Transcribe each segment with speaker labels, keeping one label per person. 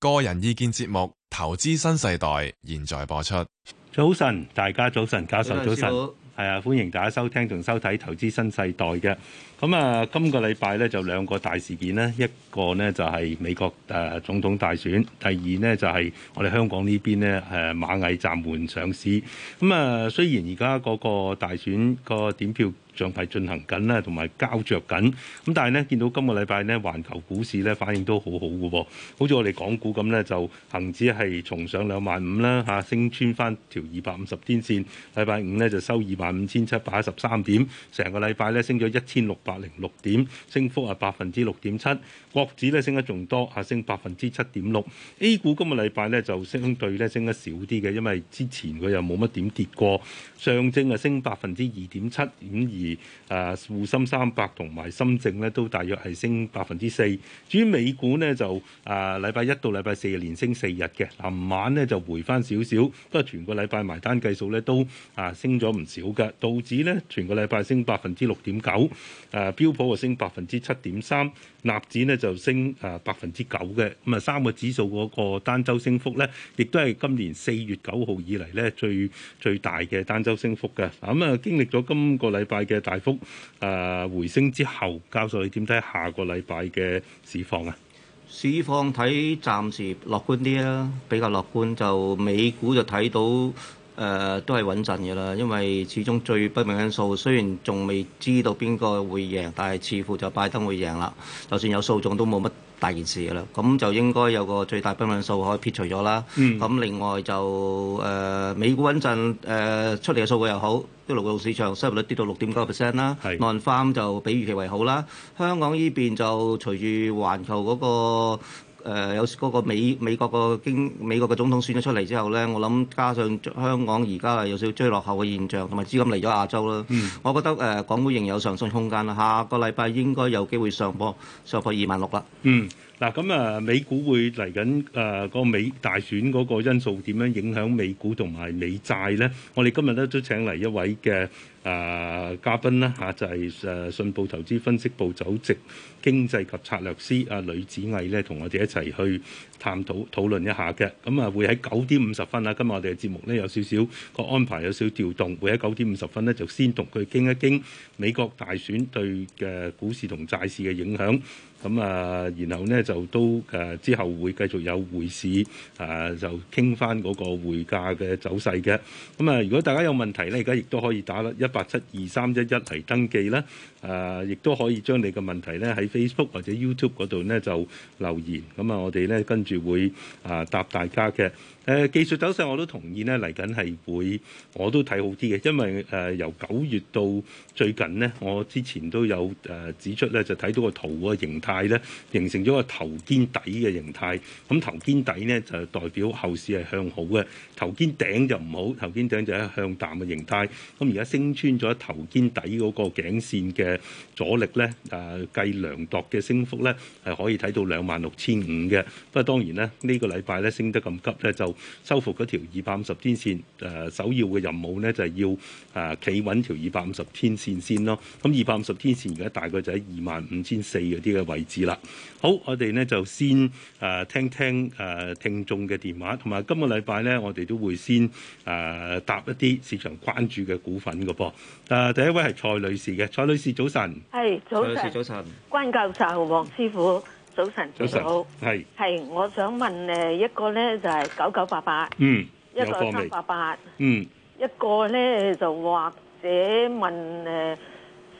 Speaker 1: 個人意見節目《投資新世代》現在播出。早晨，大家早晨，教授早晨，早晨。係啊，歡迎大家收聽同收睇《投資新世代》嘅。咁啊，今個禮拜咧就兩個大事件啦，一個咧就係、是、美國誒、呃、總統大選，第二咧就係、是、我哋香港呢邊咧誒螞蟻暫緩上市。咁啊，雖然而家嗰個大選個點票上排進行緊啦，同埋膠着緊。咁但係呢，見到今個禮拜呢，環球股市呢反應都好好嘅喎。好似我哋港股咁呢，就恒指係重上兩萬五啦，嚇升穿翻條二百五十天線。禮拜五呢，就收二萬五千七百一十三點，成個禮拜呢，升咗一千六百零六點，升幅啊百分之六點七。國指呢，升得仲多，嚇升百分之七點六。A 股今個禮拜呢，就相對咧升得少啲嘅，因為之前佢又冇乜點跌過。上證啊升百分之二點七點二。誒滬深三百同埋深證咧，都大約係升百分之四。至於美股呢，就誒、呃、禮拜一到禮拜四連升四日嘅。嗱，晚呢，就回翻少少，不過全個禮拜埋單計數呢都啊升咗唔少㗎。道指呢，全個禮拜升百分之六點九，誒、啊、標普啊升百分之七點三，納指呢就升誒百分之九嘅。咁啊、嗯、三個指數嗰個單週升幅呢，亦都係今年四月九號以嚟呢最最大嘅單周升幅嘅。咁啊經歷咗今個禮拜嘅。大幅誒回升之
Speaker 2: 後，教授你點睇下個禮拜嘅市況啊？市況睇暫時樂觀啲啦，比較樂觀就美股就睇到。誒、呃、都係穩陣嘅啦，因為始終最不明因素，雖然仲未知道邊個會贏，但係似乎就拜登會贏啦。就算有訴訟都冇乜大件事㗎啦，咁就應該有個最大不明因素可以撇除咗啦。咁、嗯啊、另外就誒、呃、美股穩陣，誒、呃、出嚟嘅數據又好，啲綠油市場失業率跌到六點九個 percent 啦，non-farm< 是>就比預期為好啦。香港呢邊就隨住環球嗰、那個。誒、呃、有嗰個美美國嘅經美國嘅總統選咗出嚟之後咧，我諗加上香港而家有少少追落後嘅現象，同埋資金嚟咗亞洲啦，嗯、我覺得誒、呃、港股仍有上升空間啦。下個禮拜應該有機會上破上破二萬六啦。嗯。嗱咁啊，美股會嚟緊
Speaker 1: 誒個美大選嗰個因素點樣影響美股同埋美債呢？我哋今日咧都請嚟一位嘅誒、呃、嘉賓啦嚇，就係、是、誒、啊、信報投資分析部首席經濟及策略師阿呂梓毅咧，同、呃呃呃呃、我哋一齊去探討討論一下嘅。咁、嗯、啊，會喺九點五十分啊，今日我哋嘅節目咧有少少個安排有少少調動，會喺九點五十分呢，就先同佢傾一傾美國大選對嘅股市同債市嘅影響。咁啊，然後呢，就都誒、啊，之後會繼續有匯市啊，就傾翻嗰個匯價嘅走勢嘅。咁啊，如果大家有問題呢，而家亦都可以打一八七二三一一嚟登記啦。誒、啊，亦都可以將你嘅問題呢喺 Facebook 或者 YouTube 嗰度呢就留言。咁啊，我哋呢，跟住會啊答大家嘅。誒技術走勢我都同意呢，嚟緊係會我都睇好啲嘅，因為誒、呃、由九月到最近呢，我之前都有誒、呃、指出咧，就睇到個圖個形態咧，形成咗個頭肩底嘅形態。咁、嗯、頭肩底呢，就代表後市係向好嘅，頭肩頂就唔好，頭肩頂就係向淡嘅形態。咁而家升穿咗頭肩底嗰個頸線嘅阻力咧，誒、呃、計量度嘅升幅咧係可以睇到兩萬六千五嘅。不過當然咧，呢、這個禮拜咧升得咁急咧就。就收復嗰條二百五十天線，誒、呃、首要嘅任務呢，就係、是、要誒企、呃、穩條二百五十天線先咯。咁二百五十天線而家大概就喺二萬五千四嗰啲嘅位置啦。好，我哋呢就先誒、呃、聽聽誒聽，聽眾嘅電話，同埋今個禮拜呢，我哋都會先誒答、呃、一啲市場關注嘅股份嘅噃。誒、呃、第一位係蔡女士嘅，蔡女士早晨，係
Speaker 3: 早晨，早晨。關教授，王師傅。早晨，早晨，係係是，我想問誒，一個咧就係九九八八，嗯，一個三八八，嗯，一個咧就或者問誒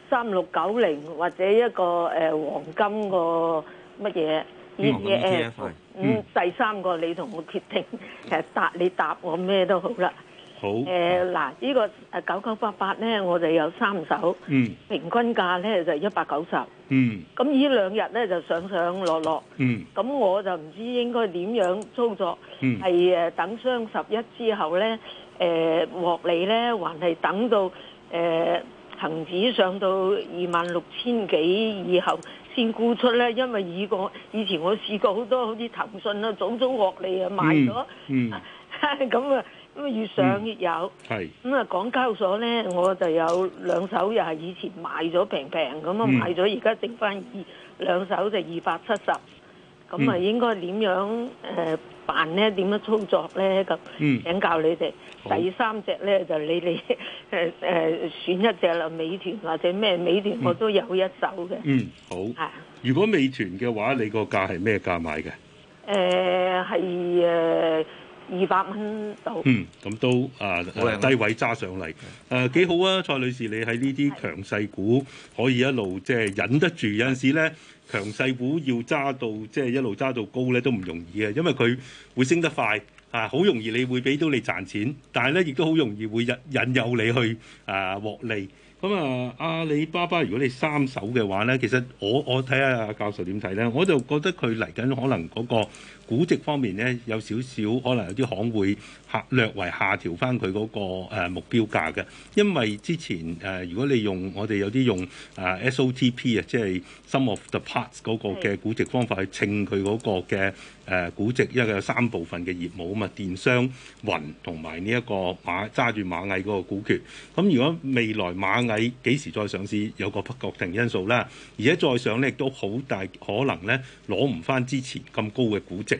Speaker 3: 三六九零或者一個誒、呃、黃金個乜嘢，ETF，呃、第三個、嗯、你同我決定，其、呃、答你答我咩都好啦。好誒嗱，嗯、個呢個誒九九八八咧，我哋有三手，平均價咧就一百九十，咁、嗯、呢兩日咧就上上落落，咁、嗯、我就唔知應該點樣操作，係誒、嗯、等雙十一之後咧誒獲利咧，還係等到誒恆指上到二萬六千幾以後先沽出咧？因為以個以前我試過好多，好似騰訊啊，早早獲利啊賣咗，咁啊。嗯嗯 咁越上越有，係咁啊！港交所咧，我就有兩手，又係以前買咗平平咁啊，嗯、買咗而家淨翻二兩手就二百七十，
Speaker 2: 咁啊，應
Speaker 3: 該點樣誒辦咧？點樣操作咧？咁請教你哋、嗯、第三隻咧，就你哋誒誒選一隻啦，美團或者咩美團、嗯、我都有一手嘅。
Speaker 1: 嗯，好。啊是，如果美團嘅話，你個價係咩價買嘅？
Speaker 3: 誒、嗯，係誒。二百
Speaker 1: 蚊到，嗯，咁都啊、呃、的我哋低位揸上嚟，誒的，幾、呃、好啊！蔡女士，你喺呢啲強勢股可以一路即係、就是、忍得住，的有陣時咧強勢股要揸到即係、就是、一路揸到高咧都唔容易啊，因為佢會升得快嚇，好、啊、容易你會俾到你賺錢，但係咧亦都好容易會引誘你去誒獲、啊、利。咁啊，阿里巴巴如果你三手嘅話咧，其實我我睇下阿教授點睇咧，我就覺得佢嚟緊可能嗰、那個。估值方面呢，有少少可能有啲行會下略為下調翻佢嗰個目標價嘅，因為之前誒、呃、如果你用我哋有啲用誒 SOTP 啊，即係 some of the parts 嗰個嘅估值方法去稱佢嗰、那個嘅誒估值，因為有三部分嘅業務啊嘛、嗯，電商、雲同埋呢一個馬揸住螞蟻嗰個股權，咁、嗯、如果未來螞蟻幾時再上市，有個不確定因素啦。而且再上呢亦都好大可能咧攞唔翻之前咁高嘅估值。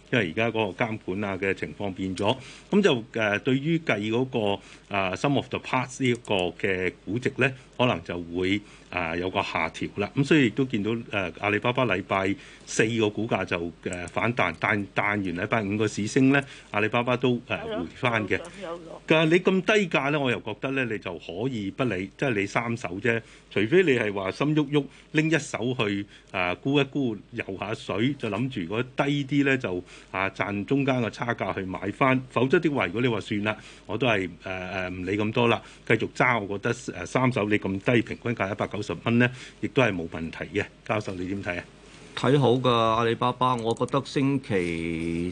Speaker 1: 因為而家嗰個監管啊嘅情況變咗，咁就誒對於計嗰個 some of the parts 呢個嘅估值咧，可能就會啊有個下調啦。咁所以亦都見到誒阿里巴巴禮拜四個股價就誒反彈，但但完禮拜五個市升咧，阿里巴巴都誒回翻嘅。但係你咁低價咧，我又覺得咧，你就可以不理，即係你三手啫。除非你係話心喐喐拎一手去啊沽一沽，遊下水，就諗住如果低啲咧就。啊！賺中間嘅差價去買翻，否則啲話如果你話算啦，我都係誒誒唔理咁多啦，繼續揸。我覺得誒三手你咁低平均價一百九十蚊咧，亦都係冇問
Speaker 2: 題嘅。教授你點睇啊？睇好噶阿里巴巴，我覺得星期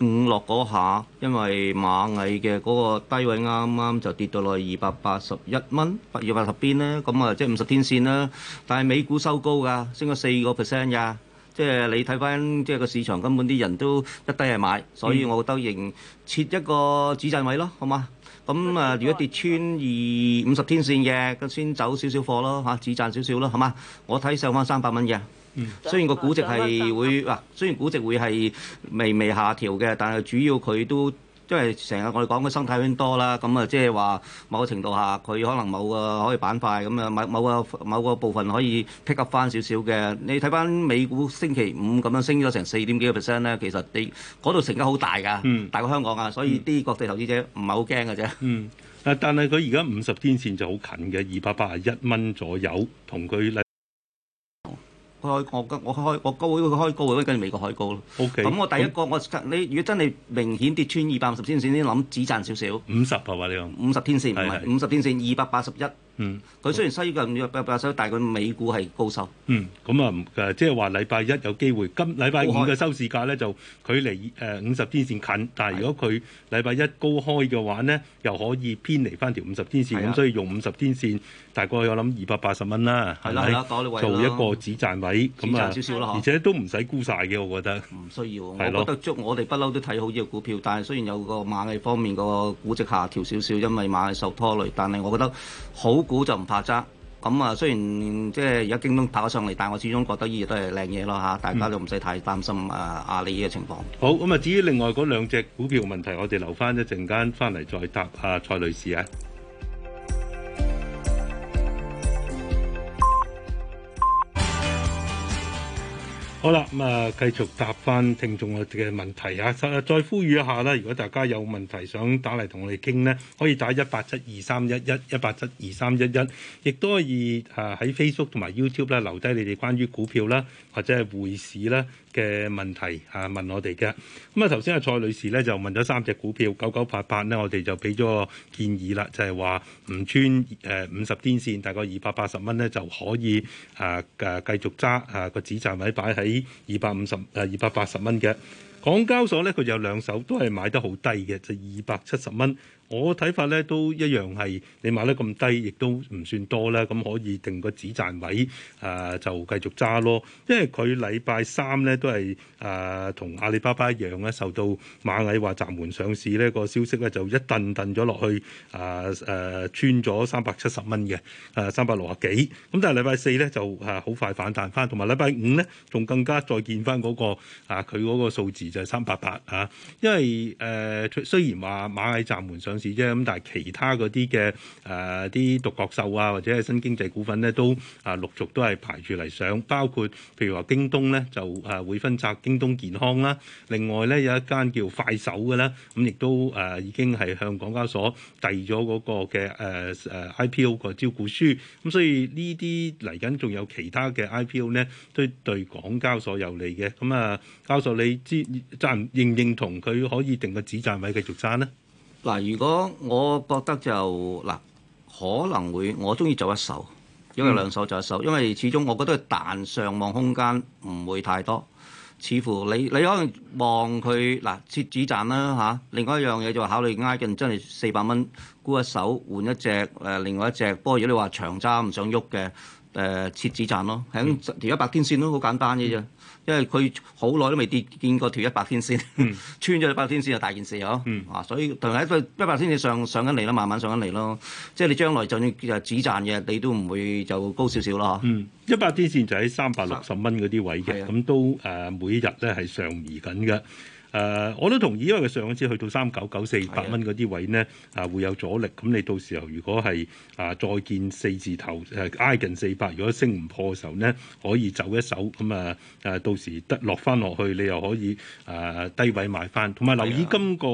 Speaker 2: 五落嗰下，因為螞蟻嘅嗰個低位啱啱就跌到落二百八十一蚊，八月八十邊咧，咁啊即係五十天線啦。但係美股收高㗎，升咗四個 percent 㗎。即係你睇翻，即係個市場根本啲人都一低係買，所以我覺得仍設一個止賺位咯，好嘛？咁啊，如果跌穿二五十天線嘅，咁先走少少貨咯嚇，止、啊、賺少，少少咯，好嘛？我睇上翻三百蚊嘅，嗯、雖然個估值係會嗱、啊，雖然估值會係微微下調嘅，但係主要佢都。因為成日我哋講嘅生態圈多啦，咁啊即係話某個程度下，佢可能某個可以板塊，咁啊某某個某個部分可以 pick up 翻少少嘅。你睇翻美股星期五咁樣升咗成四點幾個 percent 咧，其實你嗰度成交好大㗎，嗯、大過香港啊，所以啲國際投資者唔係好驚㗎啫。嗯，啊，但
Speaker 1: 係佢而家五十天線就好近嘅，二百八十一蚊左右，同佢例。
Speaker 2: 我開我嘅，我開我高會開高嘅，跟住美國開高咯。O K，咁我第一個、嗯、我，你如果真係明顯跌穿二百五十天線，你諗止賺少少。五十係嘛？你講五十天線唔係，五十天線二百八十一。嗯，佢雖然收近一百八十，但係佢美股係高收。嗯，咁啊，誒，即係話禮拜一有機會，今禮拜五嘅收市價咧就距離
Speaker 1: 誒五十天線近，但係如果佢禮拜一高開嘅話呢，又可以偏離翻條五十天線，咁所以用五十天線大概我諗二百八十蚊啦。係啦係啦，位做一個
Speaker 2: 止賺位，止賺少少啦，而
Speaker 1: 且都唔使沽晒嘅，我覺得。
Speaker 2: 唔需要，我覺得捉我哋不嬲都睇好呢個股票，但係雖然有個螞蟻方面個估值下調少少，因為螞蟻受拖累，但係我覺得好股就唔怕揸，咁啊雖然即係而家京東跑咗上嚟，但係我始終覺得依啲都係靚嘢咯吓，大家都唔使太擔心啊阿里嘅情況。嗯、好，咁
Speaker 1: 啊至於另外嗰兩隻股票問題，我哋留翻一陣間翻嚟再答啊蔡女士啊。好啦，咁、嗯、啊，繼續答翻聽眾嘅問題啊！再呼籲一下啦，如果大家有問題想打嚟同我哋傾咧，可以打一八七二三一一一八七二三一一，亦都可以啊喺 Facebook 同埋 YouTube 咧留低你哋關於股票啦或者係匯市啦嘅問題啊，問我哋嘅。咁啊，頭先啊，蔡女士咧就問咗三隻股票九九八八，咧我哋就俾咗個建議啦，就係話唔穿誒五十天線，大概二百八十蚊，咧就可以、呃、啊繼啊繼續揸啊，個支撐位擺喺二百五十誒二百八十蚊嘅港交所咧佢有兩手都係買得好低嘅，就二百七十蚊。我睇法咧都一樣係你買得咁低，亦都唔算多啦，咁可以定個止賺位，誒、呃、就繼續揸咯。因為佢禮拜三咧都係誒同阿里巴巴一樣咧，受到螞蟻話暫緩上市呢個消息咧就一頓頓咗落去，誒、呃、誒穿咗三百七十蚊嘅，誒三百六啊幾。咁但係禮拜四咧就誒好快反彈翻，同埋禮拜五咧仲更加再見翻嗰、那個啊佢嗰個數字就係三百八啊，因為誒、呃、雖然話螞蟻暫緩上市。咁，但係其他嗰啲嘅誒，啲獨角獸啊，或者係新經濟股份咧，都啊陸續都係排住嚟上。包括譬如話京東咧，就誒會分拆京東健康啦。另外咧有一間叫快手嘅咧，咁、啊、亦都誒、啊、已經係向港交所遞咗嗰個嘅誒誒 IPO 個招股書。咁、啊、所以呢啲嚟緊仲有其他嘅 IPO 咧，都對，對港交所有利嘅。咁啊，教授，你知贊認唔
Speaker 2: 認同佢可以定個指站位繼續爭呢？嗱，如果我覺得就，嗱，可能會我中意就一手，因為兩手就一手，因為始終我覺得彈上望空間唔會太多。似乎你你可能望佢嗱設止賺啦嚇、啊，另外一樣嘢就考慮挨近真係四百蚊沽一手換一隻誒、呃，另外一隻。不過如果你話長揸唔想喐嘅誒設止賺咯，喺條一百天線都好簡單嘅啫。嗯因為佢好耐都未跌見過條一百天線，嗯、 穿咗一百天線就大件事嗬，啊、嗯！所以同埋一個一百天線上上緊嚟咯，慢慢上緊嚟咯。即係你將來就算誒止賺嘅，你都唔會就高少少咯嗬。一百、嗯嗯、天線就
Speaker 1: 喺三百六十蚊嗰啲位嘅，咁的都誒、呃、每日咧係上移緊嘅。誒，uh, 我都同意，因為佢上一次去到三九九四百蚊嗰啲位咧，啊，會有阻力。咁你到時候如果係啊再見四字頭，誒、啊、挨近四百，如果升唔破嘅時候咧，可以走一手。咁啊誒，到時得落翻落去，你又可以誒、啊、低位買翻。同埋留意、哎、呀今個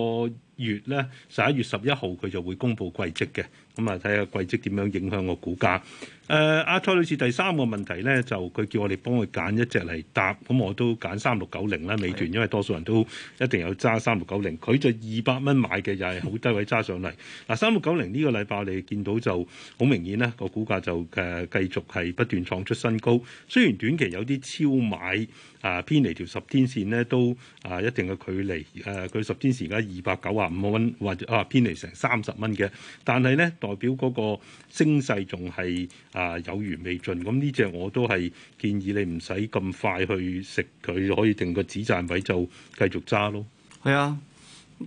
Speaker 1: 月咧十一月十一號佢就會公布季績嘅，咁啊睇下季績點樣影響個股價。誒阿、uh, 蔡女士第三個問題咧，就佢叫我哋幫佢揀一隻嚟搭。咁我都揀三六九零啦，美團，的因為多數人都一定有揸三六九零。佢就二百蚊買嘅，又係好低位揸 上嚟。嗱，三六九零呢個禮拜你見到就好明顯啦，個股價就誒繼續係不斷創出新高。雖然短期有啲超買啊，偏離條十天線呢都啊一定嘅距離誒，佢、啊、十天線而家二百九啊五蚊，或者啊偏離成三十蚊嘅，但係咧代表嗰個升勢仲係啊，有餘未盡，咁呢隻我都係建議你唔使咁快去食，佢可以定個止賺位就繼續揸咯。
Speaker 2: 係啊。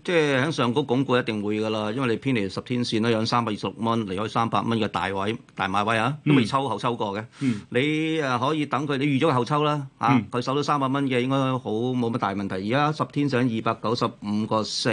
Speaker 2: 即係喺上高鞏固一定會噶啦，因為你偏離十天線啦，有三百二十六蚊，離開三百蚊嘅大位、大買位啊，都未抽後抽過嘅。嗯、你誒可以等佢，你預咗後抽啦嚇。佢守到三百蚊嘅，應該好冇乜大問題。而家十天上二百九十五個四，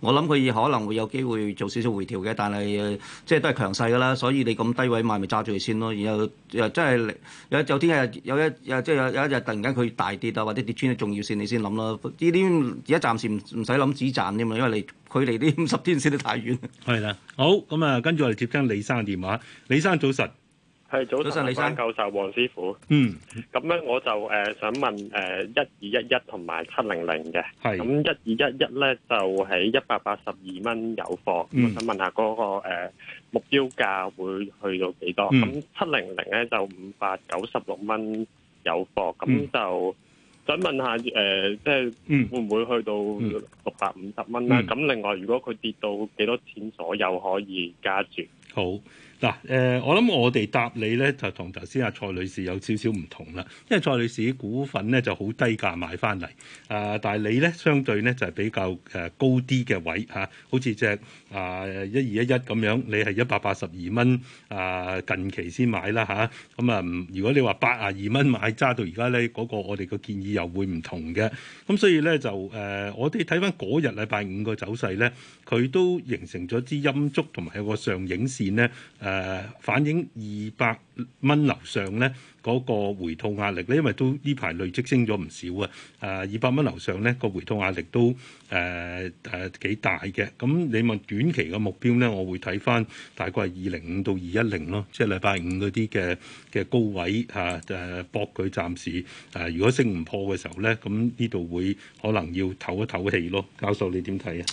Speaker 2: 我諗佢可能會有機會做少少回調嘅，但係即係都係強勢㗎啦。所以你咁低位買咪揸住佢先咯。然後又真係有啲天有一即係有一日突然間佢大跌啊，或者跌穿啲重要線，你先諗咯。呢啲而家暫時唔使諗止賺。因為離距離呢五十天先得太遠。係啦，好咁啊，跟住
Speaker 1: 我哋接聽李生嘅電話。李生早晨，係早晨，早安李生教授黃師傅。嗯，咁咧我就誒、呃、想問誒一二一一同埋七零零嘅。係咁一二一一咧就喺一百八十二蚊有貨。嗯、我想問下嗰、那個誒、呃、目標價會去到幾多？咁七零零咧就五百九十六蚊有貨。咁就。嗯想問下誒、呃，即係會唔會去到六百五十蚊啦？咁、嗯嗯、另外，如果佢跌到幾多錢左右可以加住？好。嗱，誒、呃，我諗我哋答你咧，就同頭先阿蔡女士有少少唔同啦。因為蔡女士股份咧就好低價買翻嚟、呃就是，啊，但係你咧相對咧就係比較誒高啲嘅位嚇，好似隻啊一二一一咁樣，你係一百八十二蚊啊近期先買啦嚇。咁啊、嗯，如果你話八啊二蚊買揸到而家咧，嗰、那個我哋嘅建議又會唔同嘅。咁、啊、所以咧就誒、呃，我哋睇翻嗰日禮拜五個走勢咧，佢都形成咗支陰燭同埋有個上影線咧。呃誒、呃、反映二百蚊樓上咧嗰、那個回吐壓力咧，因為都呢排累積升咗唔少啊！誒二百蚊樓上咧、那個回吐壓力都誒誒、呃呃、幾大嘅。咁你問短期嘅目標咧，我會睇返大概係二零五到二一零咯，即係禮拜五嗰啲嘅嘅高位嚇誒搏佢暫時誒、啊，如果升唔破嘅時候咧，咁呢度會可能要唞一唞氣咯。教授你點睇啊？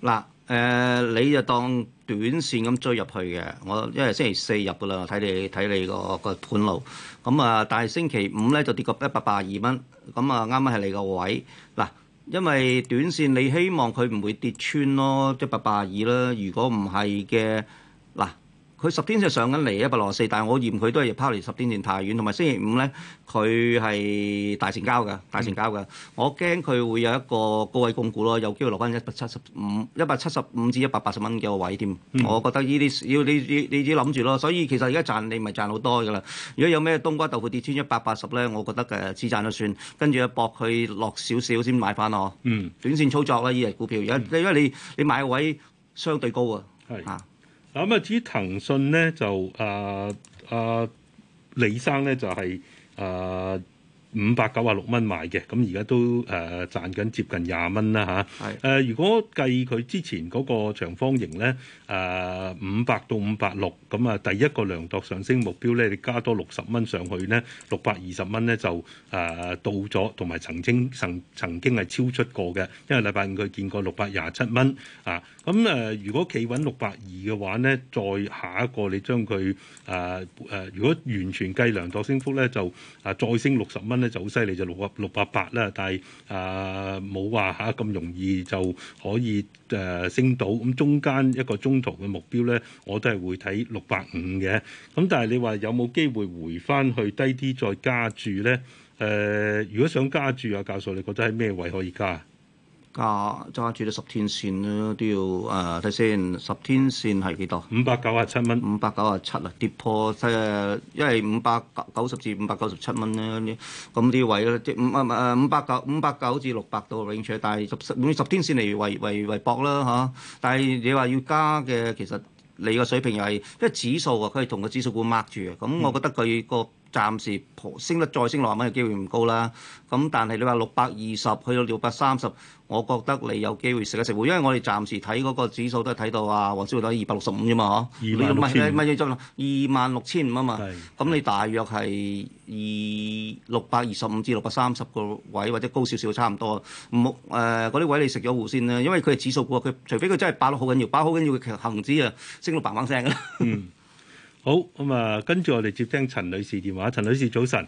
Speaker 2: 嗱。誒、呃，你就當短線咁追入去嘅，我因為星期四入噶啦，睇你睇你、嗰個、嗰個盤路，咁啊，但係星期五咧就跌個一百八廿二蚊，咁啊啱啱係你個位，嗱，因為短線你希望佢唔會跌穿咯，即係一百八廿二啦，如果唔係嘅，嗱。佢十天就上緊嚟一百六十四，4，但係我嫌佢都係拋離十天線太遠，同埋星期五咧佢係大成交噶，大成交噶。嗯、我驚佢會有一個高位供股咯，有機會落翻一百七十五、一百七十五至一百八十蚊嘅位添。我覺得呢啲要你你你要諗住咯。所以其實而家賺你咪賺好多㗎啦。如果有咩冬瓜豆腐跌穿一百八十咧，我覺得誒止、啊、賺都算，跟住一搏佢落少少先買翻咯。嗯、短線操作啦，依、這、啲、個、股票，因、嗯、因為你你買個位相對高啊，嚇。咁啊，
Speaker 1: 至於騰訊咧，就啊啊、呃呃、李生咧，就係、是、啊。呃五百九啊六蚊買嘅，咁而家都誒賺緊接近廿蚊啦嚇。誒係如果計佢之前嗰個長方形咧，誒五百到五百六，咁啊第一個量度上升目標咧，你加多六十蚊上去咧，六百二十蚊咧就誒到咗，同埋曾經曾曾經係超出過嘅，因為禮拜五佢見過六百廿七蚊啊。咁誒如果企穩六百二嘅話咧，再下一個你將佢誒誒，如果完全計量度升幅咧，就誒再升六十蚊。咧就好犀利，就六百六百八啦，但、呃、係啊冇話吓咁容易就可以誒、呃、升到，咁中間一個中途嘅目標咧，我都係會睇六百五嘅。咁但係你話有冇機會回翻去低啲再加
Speaker 2: 注咧？誒、呃，如果想加注啊，教授你覺得喺咩位可以加？加揸住咗十天線咧，都要誒睇先。十、呃、天線係幾多？五百九啊七蚊。五百九啊七啊，跌破即係、呃、因為五百九九十至五百九十七蚊咧。咁啲位咧，即五啊五啊五百九五百九至六百度 range 但係十用十天線嚟為為為博啦嚇、啊。但係你話要加嘅，其實你個水平又係，因為指數啊，佢係同個指數股握住啊。咁我覺得佢、那個。嗯暫時升得再升六十蚊嘅機會唔高啦，咁但係你話六百二十去到六百三十，我覺得你有機會食一食糊，因為我哋暫時睇嗰個指數都係睇到啊黃之慧都二百六十五啫嘛嗬，二萬六千五啊嘛，咁你大約係二六百二十五至六百三十個位或者高少少差唔多，唔好誒嗰啲位你食咗糊先啦，因為佢係指數股，佢除非佢真係擺得好緊要，擺好緊要佢其實恆指啊升到嘭嘭聲啦。嗯好咁啊，跟住我哋接聽陳女士電話。陳女士早晨，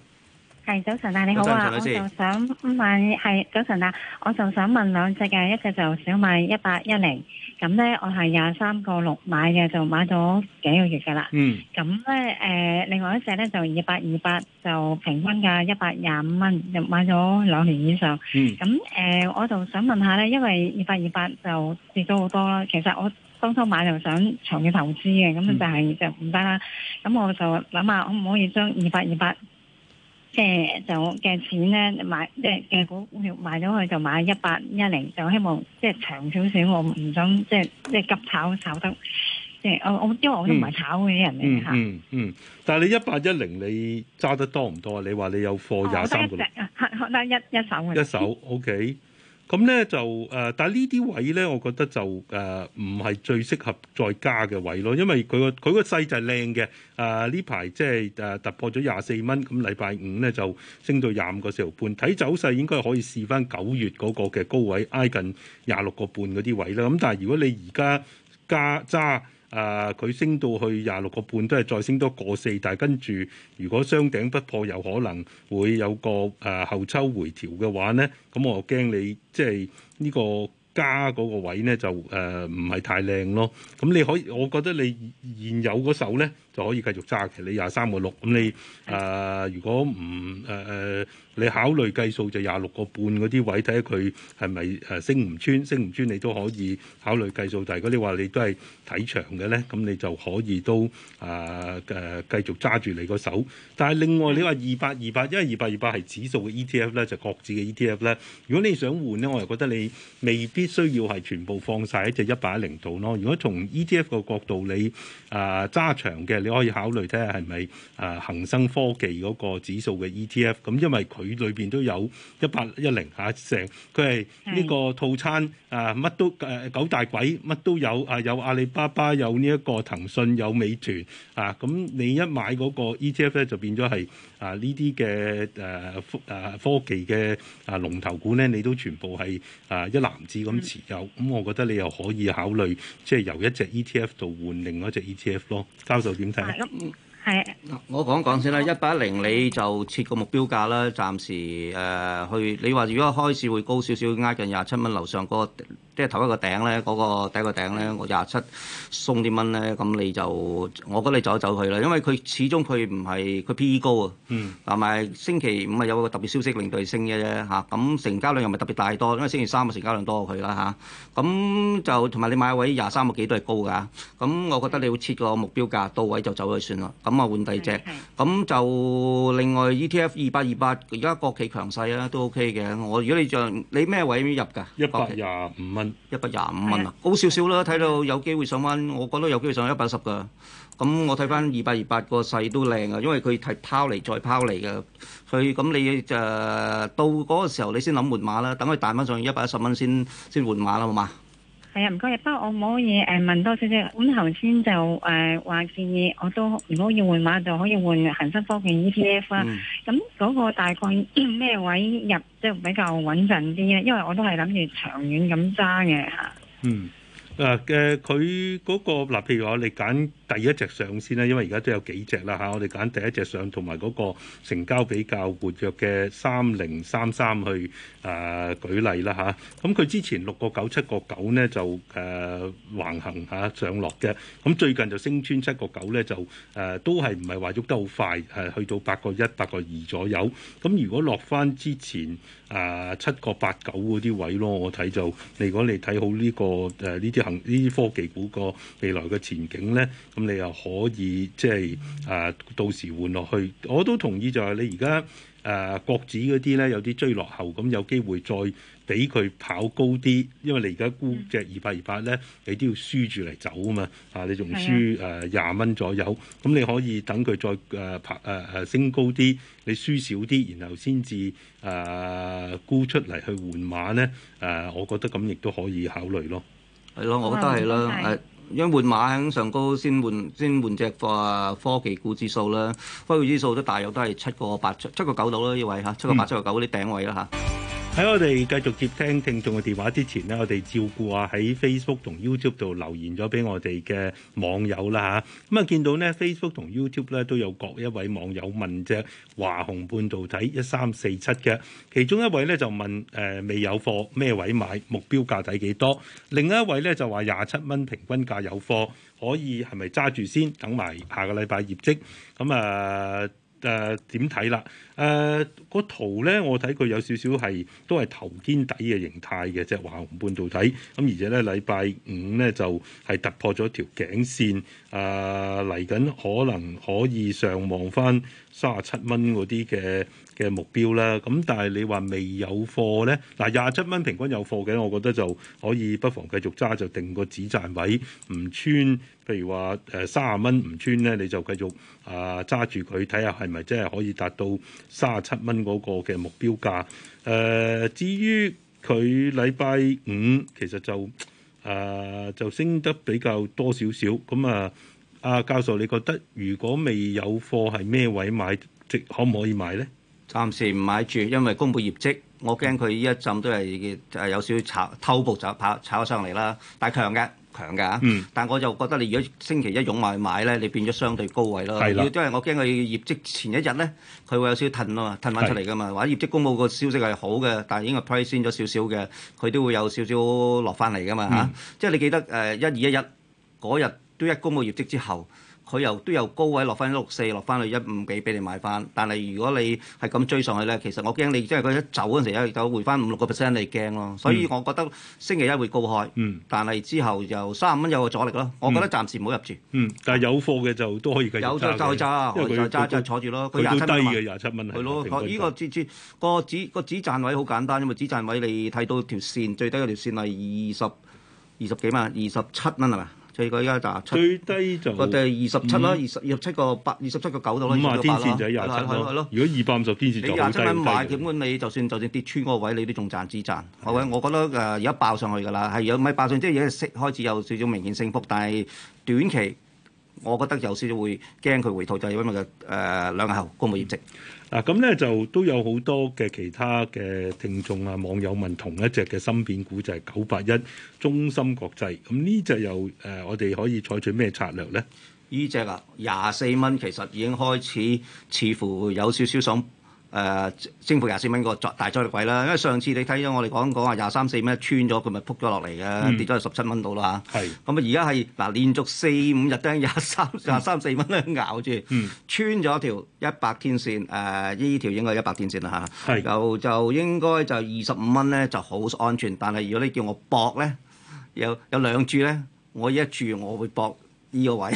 Speaker 4: 係早晨啊！你好啊，我就想問，係早晨啊！我就想問兩隻嘅，一隻就小米一八一零，咁咧我係廿三個六買嘅，就買咗幾個月噶啦。嗯，咁咧誒，另外一隻咧就二八二八，就平均價一百廿五蚊，就買咗兩年以上。嗯，咁誒、呃，我就想問下咧，因為二八二八就跌咗好多啦，其實我。當初買想、就是、就，就想長期投資嘅，咁就係就唔得啦。咁我就諗下可唔可以將二百二百即係就嘅錢咧買即係嘅股票賣咗去，就買一八一零。就希望即係、就是、長少少，我唔想即係即係急炒炒得。即係我我因為我都唔係炒啲人嚟。吓，嗯嗯，
Speaker 1: 但係你一八一零你揸得多唔多啊？你話你有貨廿三個？吓一一,一
Speaker 4: 手一手
Speaker 1: ，OK。咁咧就誒、呃，但係呢啲位咧，我覺得就誒唔係最適合再加嘅位咯，因為佢個佢個勢就係靚嘅。誒呢排即係誒突破咗廿四蚊，咁禮拜五咧就升到廿五個四毫半，睇走勢應該可以試翻九月嗰個嘅高位，挨近廿六個半嗰啲位啦。咁但係如果你而家加揸。啊！佢升到去廿六個半，都係再升多個四，但係跟住如果雙頂不破，有可能會有個誒、啊、後抽回調嘅話咧，咁我驚你即係呢個加嗰個位咧就誒唔係太靚咯。咁你可以，我覺得你現有嗰手咧。就可以繼續揸嘅，你廿三個六，咁你誒如果唔誒誒，你考慮計數就廿六個半嗰啲位，睇下佢係咪誒升唔穿，升唔穿你都可以考慮計數。但如果你話你都係睇長嘅咧，咁你就可以都誒誒、呃、繼續揸住你個手。但係另外你話二百二百，因為二百二百係指數嘅 ETF 咧，就各自嘅 ETF 咧。如果你想換咧，我又覺得你未必需要係全部放晒喺隻一百一零度咯。如果從 ETF 個角度，你誒揸長嘅。呃你可以考慮睇下係咪誒恆生科技嗰個指數嘅 ETF，咁因為佢裏邊都有一八一零啊成，佢係呢個套餐啊乜都誒、啊、九大鬼乜都有啊有阿里巴巴有呢一個騰訊有美團啊咁你一買嗰個 ETF 咧就變咗係啊呢啲嘅誒科科技嘅啊龍頭股咧你都全部係啊一籃子咁持有，咁、嗯、我覺得你又可以考慮即係、就是、由一隻 ETF 度換另外一隻 ETF 咯，交售點？係
Speaker 2: 咁，係。我講講先啦，一百一零你就設個目標價啦，暫時誒、呃、去。你話如果一開市會高少少，挨近廿七蚊樓上嗰個即係頭一個頂咧，嗰、那個第一個頂咧，我廿七鬆啲蚊咧，咁你就我覺得你走一走佢啦，因為佢始終佢唔係佢 P/E 高啊，同埋、嗯、星期五啊有個特別消息令到佢升嘅啫嚇，咁、啊、成交量又唔係特別大多，因為星期三嘅成交量多過佢啦嚇，咁、啊、就同埋你買位廿三個幾都係高㗎，咁、啊、我覺得你要設個目標價到位就走佢算啦，咁啊換第二隻，咁是就另外 ETF 二八二八，而家國企強勢啊都 OK 嘅，我如果你像你咩位要入㗎？一百廿五的一百廿五蚊啊，高少少啦。睇到有機會上翻，我覺得有機會上一百一十㗎。咁我睇翻二百二八個勢都靚啊，因為佢係拋嚟再拋嚟嘅。佢咁你就、呃、到嗰個時候，你先諗換馬啦。等佢彈翻上一百一十蚊先先換馬啦，好嘛？
Speaker 4: 係啊，唔該。不過我可以誒問多少少。咁頭先就誒話建議，我都如果要換碼就可以換恒生科技 ETF 啦、啊。咁嗰個大概咩、呃、位入即係比較穩陣啲咧？因為我都係諗住長遠咁揸嘅嚇。嗯、
Speaker 1: 誒、呃、誒，佢嗰、嗰個嗱，譬如我嚟揀。第一隻上先啦，因為而家都有幾隻啦嚇、啊，我哋揀第一隻上同埋嗰個成交比較活躍嘅三零三三去啊舉例啦嚇。咁、啊、佢之前六個九、七個九咧就誒、啊、橫行下、啊、上落嘅，咁、啊、最近就升穿七個九咧就誒、啊、都係唔係話喐得好快，係、啊、去到八個一、八個二左右。咁、啊、如果落翻之前啊七個八九嗰啲位咯，我睇就如果你睇好呢、呢個誒呢啲恆呢啲科技股個未來嘅前景咧。咁你又可以即係啊，到時換落去，我都同意就係你而家誒國指嗰啲咧有啲追落後，咁有機會再俾佢跑高啲，因為你而家沽隻二百二百咧，28，你都要輸住嚟走啊嘛，啊你仲輸誒廿蚊左右，咁、啊、你可以等佢再誒爬誒誒升高啲，你輸少啲，然後先至誒沽出嚟去換馬咧，誒、啊、我覺得咁亦
Speaker 2: 都可以考慮咯。係咯，我覺得係啦，係的。因換馬喺上高先換先換隻科技股指數啦，科技股指數都大約都係七個八七七個九到啦，依位七個八七個九嗰啲頂位啦，嗯
Speaker 1: 喺我哋繼續接聽聽眾嘅電話之前呢，我哋照顧下喺 Facebook 同 YouTube 度留言咗俾我哋嘅網友啦吓。咁啊，見到呢 Facebook 同 YouTube 咧都有各一位網友問隻華虹半導體一三四七嘅，其中一位咧就問誒、呃、未有貨咩位買，目標價底幾多？另一位咧就話廿七蚊平均價有貨，可以係咪揸住先等埋下個禮拜業績？咁啊誒點睇啦？呃呃誒、呃那個圖咧，我睇佢有少少係都係頭肩底嘅形態嘅，即係華虹半導體。咁而且咧，禮拜五咧就係、係、突破咗條頸線，誒嚟緊可能可以上望翻三十七蚊嗰啲嘅嘅目標啦。咁但係你話未有貨咧，嗱廿七蚊平均有貨嘅，我覺得就可以不妨繼續揸，就定個止賺位，唔穿。譬如話誒三啊蚊唔穿咧，你就繼續誒揸住佢，睇下係咪真係可以達到。三十七蚊嗰個嘅目標價，誒、呃，至於佢禮拜五其實就誒、呃、就升得比較多少少，咁、嗯、啊，阿、
Speaker 2: 呃、教授你覺得如果未有貨係咩位買，可唔可以買呢？暫時唔買住，因為公布業績。我驚佢呢一陣都係就有少少炒偷步就跑炒咗上嚟啦，但係強嘅強嘅嚇，嗯、但係我就覺得你如果星期一湧埋去買咧，你變咗相對高位咯。係咯，都係我驚佢業績前一日咧，佢會有少少褪啊嘛，褪翻出嚟噶嘛。話的業績公佈個消息係好嘅，但係應該 price 先咗少少嘅，佢都會有少少落翻嚟噶嘛嚇。即係你記得誒一二一一嗰日都一公佈業績之後。佢又都由高位落翻六四，落翻去一五幾俾你買翻。但係如果你係咁追上去咧，其實我驚你即係佢一走嗰陣時一走回翻五六個 percent，你驚咯。所以我覺得星期一會高開。嗯、但係之後由三五蚊有個阻力咯。嗯、我覺得暫時唔好入住。嗯嗯、但係有貨嘅就都可以繼續揸一揸去揸啊！可以因為佢都，都低嘅廿七蚊係。係咯，依、這
Speaker 1: 個支支、這
Speaker 2: 個這個這個指、這個止賺、這個、位好簡單，因為止賺位你睇到條線最低嗰條線係二十二十幾蚊，二十七蚊係咪？最貴而家打，最低就第二十七啦，二十廿七個八，二十七個九度。啦，天線就廿七咯。啦如果二百五十天線就係最低嘅。你廿七蚊買點，點講你就算就算跌穿嗰個位，你都仲賺止賺。的我覺得，我而家爆上去㗎啦，係唔係爆上去？即係已經識開始有少少明顯升幅，但係短期我覺得有少少會驚佢回吐，就係、因為佢誒、呃、兩眼後公布業績。嗯啊，咁咧就
Speaker 1: 都有好多嘅其他嘅聽眾啊、網友問同一隻嘅芯片股就係九八一中芯國際，咁呢隻又誒、呃、我哋可以採取咩策略咧？呢
Speaker 2: 隻啊，廿四蚊其實已經開始，似乎有少少想。誒、呃、升幅廿四蚊個大阻力位啦，因為上次你睇咗我哋講講話廿三四蚊穿咗，佢咪撲咗落嚟嘅，嗯、跌咗去十七蚊度啦。咁啊而家係嗱連續四五日都係廿三廿三四蚊咬住，嗯、穿咗條一百天線。誒、呃、呢條應該係一百天線啦嚇，就是就應該就二十五蚊咧就好安全。但係如果你叫我搏咧，有有兩注咧，我一注我會搏。呢個位，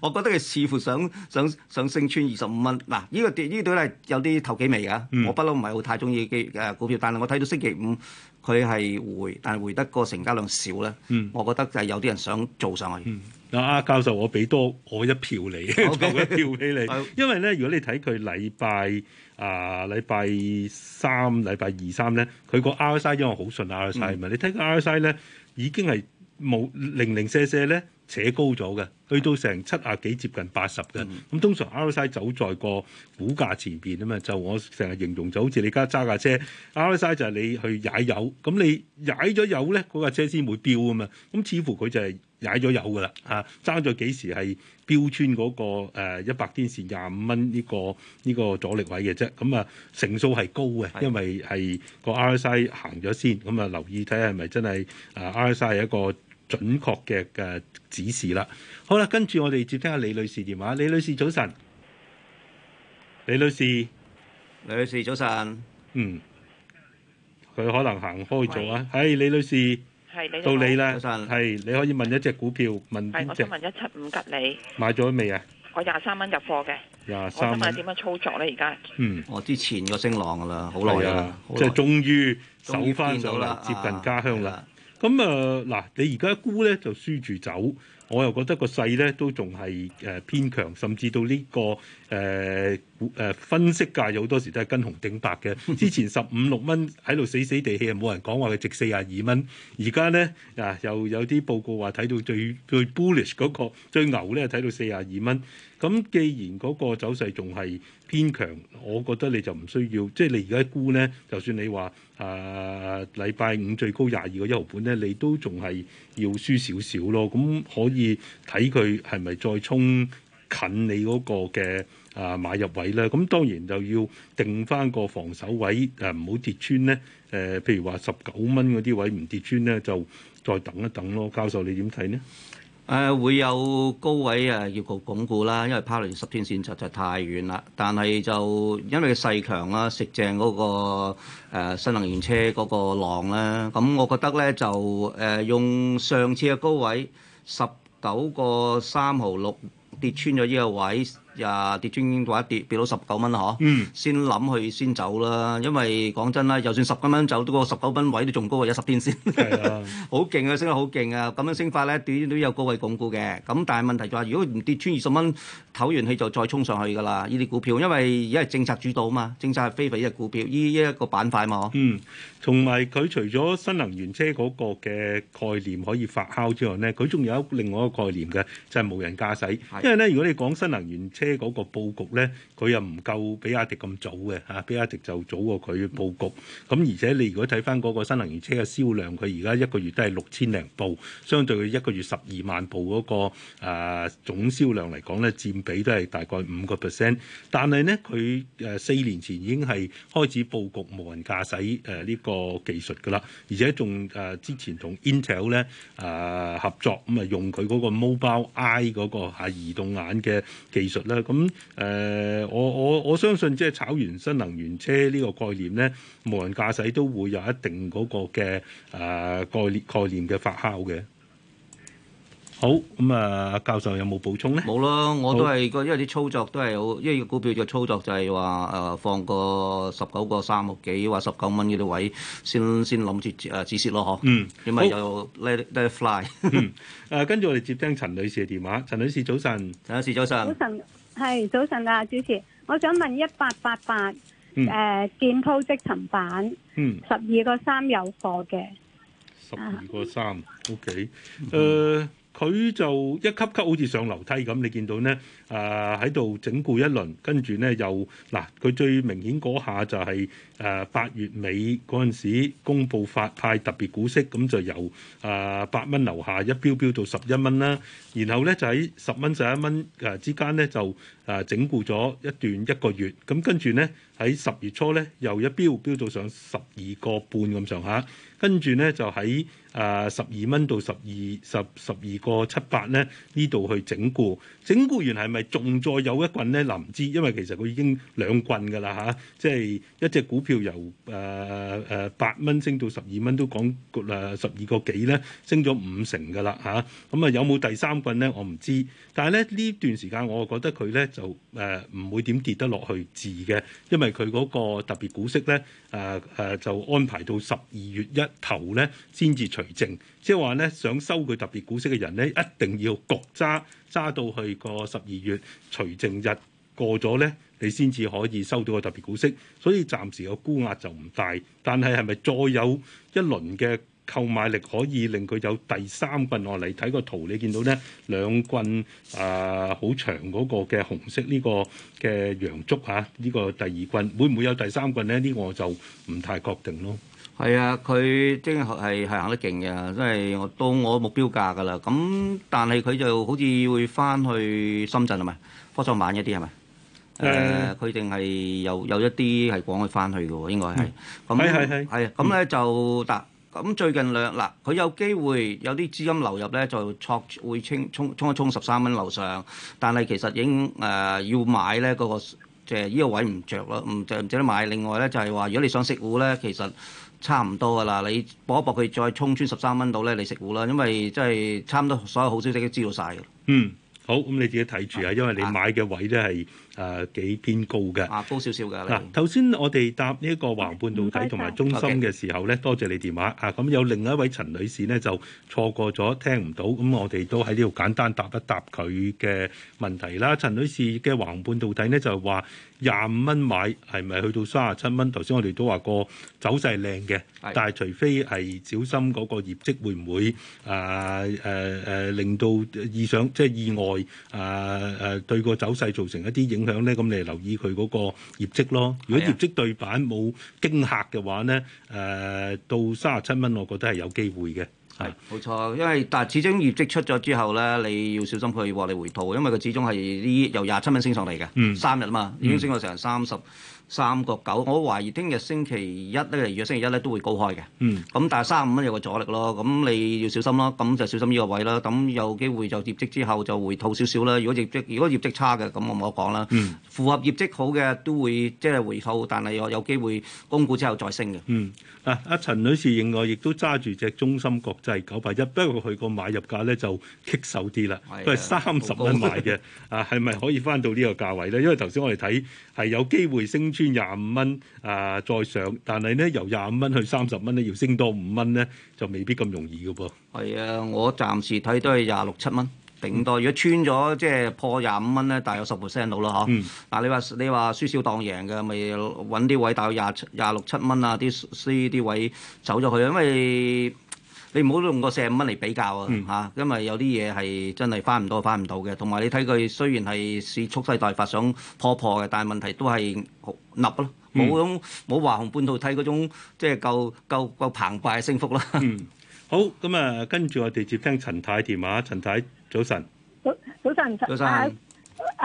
Speaker 2: 我覺得佢似乎想想想升穿二十五蚊嗱。呢個跌呢對咧有啲頭幾味嘅，我不嬲唔係好太中意嘅股票，但係我睇到星期五佢係回，但係回得個成交量少咧，我覺得就係有啲人想做上去
Speaker 1: 嗱。阿教授，我俾多我一票你，我一票俾你，
Speaker 2: 因為咧，如果你睇佢禮拜啊
Speaker 1: 禮拜三禮拜二三咧，佢個 RSI 因為好順 RSI 嘛，你睇個 RSI 咧已經係冇零零舍舍咧。扯高咗嘅，去到成七啊幾，接近八十嘅。咁、嗯、通常 RSI 走在個股價前邊啊嘛，就我成日形容就好似你而家揸架車，RSI 就係你去踩油，咁你踩咗油咧，嗰架車先會飆啊嘛。咁似乎佢就係踩咗油噶啦，啊，爭在幾時係飆穿嗰個一百天線廿五蚊呢個呢個阻力位嘅啫。咁啊，成數係高嘅，因為係個 RSI 行咗先。咁啊，留意睇係咪真係啊 RSI 係一個。準確嘅嘅指示啦。好啦，跟住我哋接聽下李女士電話。李女士早晨，李女士，
Speaker 2: 李女士早晨。
Speaker 1: 嗯，佢可能行開咗啊。係李女士，
Speaker 4: 到你啦。早晨。
Speaker 1: 係，你可以問一隻股票，問邊隻？係，我想問
Speaker 4: 一七五吉利，
Speaker 1: 買咗未啊？
Speaker 4: 我廿三蚊入貨嘅。廿
Speaker 1: 三蚊。我想點樣
Speaker 4: 操作咧？而家
Speaker 1: 嗯，我之前
Speaker 2: 個升浪啦，好耐啦，即係終
Speaker 1: 於守翻到啦，接近家鄉啦。咁、嗯、啊，嗱，你而家沽咧就輸住走，我又覺得個勢咧都仲係誒偏強，甚至到呢、呢個誒。呃誒分析價有好多時都係跟紅頂白嘅。之前十五六蚊喺度死死地氣，冇人講話佢值四十二蚊。而家咧啊，又有有啲報告話睇到最最 bullish 嗰個最牛咧，睇到四十二蚊。咁既然嗰個走勢仲係偏強，我覺得你就唔需要即係你而家估咧，就算你話啊禮拜五最高廿二個一毫半咧，你都仲係要輸少少咯。咁可以睇佢係咪再衝近你嗰個嘅，啊，買入位啦！咁當然就要定翻個防守位，誒唔好跌穿咧。誒、呃，譬如話十九蚊嗰啲位唔跌穿咧，就再等一等咯。教授你點睇呢？
Speaker 2: 誒、呃、會有高位誒、呃、要個鞏固啦，因為拋離十天線實在太遠啦。但係就因為勢強啦，食正嗰、嗰個、呃、新能源車嗰個浪咧。咁我覺得咧就誒用、呃、上次嘅高位十九個三毫六跌穿咗呢個位。啊，跌穿嘅話，跌跌到十九蚊啦，嗬，先諗去先走啦。因為講真啦，就算十九蚊走到個十九蚊位，都仲高過十天先，好勁啊，升得好勁啊！咁樣升法咧，短期都有高位鞏固嘅。咁但係問題就係，如果唔跌穿二十蚊，唞完氣就再衝上去㗎啦。呢啲股票，因為而家係政策主導啊嘛，政策係飛快，依個股票呢一個板塊嘛。嗯，同埋佢除咗新能源車嗰個
Speaker 1: 嘅概念可以發酵之外咧，佢仲有另外一個概念嘅，就係無人駕駛。因為咧，如果你講新能源車，嗰個布局咧，佢又唔夠比亞迪咁早嘅吓，啊、比亞迪就早過佢布局。咁、啊、而且你如果睇翻個新能源車嘅銷量，佢而家一個月都係六千零部，相對佢一個月十二萬部，嗰個誒、啊、總銷量嚟講咧，佔比都係大概五個 percent。但係咧，佢誒四年前已經係開始布局無人駕駛誒呢個技術㗎啦，而且仲誒、啊、之前同 Intel 咧誒、啊、合作，咁、嗯、啊用佢個 Mobile Eye 個 e 移動眼嘅技術咧。咁誒、呃，我我我相信即係炒完新能源車呢個概念咧，無人駕駛都會有一定嗰個嘅誒、呃、概念概念嘅發酵嘅。好，咁啊，教授有冇補充咧？冇
Speaker 2: 啦，我都係好，因為啲操作都係好，因為個股票嘅操作就係話誒放個十九個三毫幾或十九蚊嗰啲位，先先諗住誒止蝕咯，嗬。嗯。咁有又 let it fly。誒，跟住我哋接聽陳女士嘅電話。陳女士早晨。陳女士早晨。早
Speaker 4: 晨。係，早晨啊，主持，我想問一八八八，誒、呃，建滔積層板，十二個三有貨嘅，
Speaker 2: 十
Speaker 1: 二個三，O K，誒。佢就一級級好似上樓梯咁，你見到咧，誒喺度整固一輪，跟住咧又嗱，佢最明顯嗰下就係誒八月尾嗰陣時公布發派特別股息，咁就由誒八蚊樓下一飆飆到十一蚊啦，然後咧就喺十蚊十一蚊誒之間咧就。啊，整固咗一段一個月，咁跟住咧喺十月初咧又一標標到上十二個半咁上下，跟住咧就喺啊十二蚊到十二十十二個七八咧呢度去整固，整固完係咪仲再有一棍咧？嗱、啊，唔知，因為其實佢已經兩棍噶啦吓，即係一隻股票由誒誒八蚊升到十二蚊都講誒十二個幾咧，升咗五成噶啦吓，咁啊、嗯、有冇第三棍咧？我唔知，但係咧呢段時間我覺得佢咧。就誒唔會點跌得落去字嘅，因為佢嗰個特別股息咧誒誒就安排到十二月一頭咧先至除淨，即係話咧想收佢特別股息嘅人咧一定要焗揸揸到去個十二月除淨日過咗咧，你先至可以收到個特別股息，所以暫時個沽壓就唔大，但係係咪再有一輪嘅？購買力可以令佢有第三棍落嚟。睇個圖，你見到咧兩棍啊，好長嗰個嘅紅色呢個嘅陽燭。嚇呢個第二棍，會唔會有第三棍咧？呢個我就唔太確定咯。
Speaker 2: 係啊，佢即係係係行得勁嘅，即係我到我目標價㗎啦。咁但係佢就好似會翻去深圳係咪？不過就晚一啲係咪？誒，佢定係有有一啲係趕佢翻去嘅，應該係咁係係係咁咧，就、嗯咁最近兩嗱，佢有機會有啲資金流入咧，就挫匯清充充一充十三蚊樓上，但係其實已經誒、呃、要買咧，那個誒依、就是、個位唔着咯，唔著唔值得買。另外咧就係話，如果你想食糊咧，其實差唔多噶啦，你搏一搏佢再衝穿十三蚊到咧，你食糊啦，因為即係差唔多所有好消息都知道晒。嘅。嗯，好，咁你自己睇住啊，因為你買嘅位咧係。誒幾偏高嘅，啊高少少㗎。嗱、
Speaker 1: 啊，頭先我哋答呢個橫半導體同埋 Okay, 中心嘅時候咧，Okay. 多謝你電話。啊，咁有另一位陳女士咧就錯過咗聽唔到，咁我哋都喺呢度簡單答一答佢嘅問題啦。陳女士嘅橫半導體咧就話。廿五蚊買係咪去到三十七蚊？頭先我哋都話個走勢係靚嘅，的但係除非係小心嗰個業績會唔會啊誒誒令到意想即係意外啊誒、呃呃、對個走勢造成一啲影響咧，咁你留意佢嗰個業績咯。的如果業績對
Speaker 2: 版冇驚嚇嘅話咧，誒、呃、到三十七蚊，我覺得係有機會嘅。係冇錯，因為但係始終業績出咗之後咧，你要小心去獲利回吐，因為佢始終係呢由廿七蚊升上嚟嘅，嗯、三日啊嘛已經升咗成三十三個九。我懷疑聽日星期一呢如、呃、星期一咧都會高開嘅。咁、嗯、但係三十五蚊有個阻力咯，咁你要小心啦。咁就小心呢個位啦。咁有機會就業績之後就回吐少少啦。如果業績如果業績差嘅，咁我冇得講啦。符合業績好嘅都會即係回吐，但係有有機會公佈之後再升嘅。嗱，阿陳女士另外亦都揸住隻中心國。
Speaker 1: 係九百一， 是不過佢個買入價咧就棘手啲啦。佢係三十蚊買嘅，啊，係咪可以翻到個價呢個價位咧？因為頭先我哋睇係有機會升穿廿五蚊啊，再上，但係咧由廿五蚊去三十蚊咧，要升多五蚊咧，就未必咁容易
Speaker 2: 嘅噃。係啊，我暫時睇都係廿六七蚊頂多。如果穿咗即係破廿五蚊咧，大約有十 percent 到啦，嗬。嗯。你話你話輸少當贏嘅，咪揾啲位大約廿七、廿六七蚊啊！啲啲位走咗去，因為。你唔好用個四十五蚊嚟比較啊，嚇！因為有啲嘢係真係返唔到返唔到嘅。同埋你睇佢雖然係是蓄勢待發想破破嘅，但係問題都係好納嘅咯，冇咁冇華虹半導體嗰種即係夠夠夠澎湃嘅升幅啦。嗯，好，
Speaker 1: 咁啊，跟住我哋接聽陳太電話。陳太早晨，早早晨，
Speaker 3: 早晨啊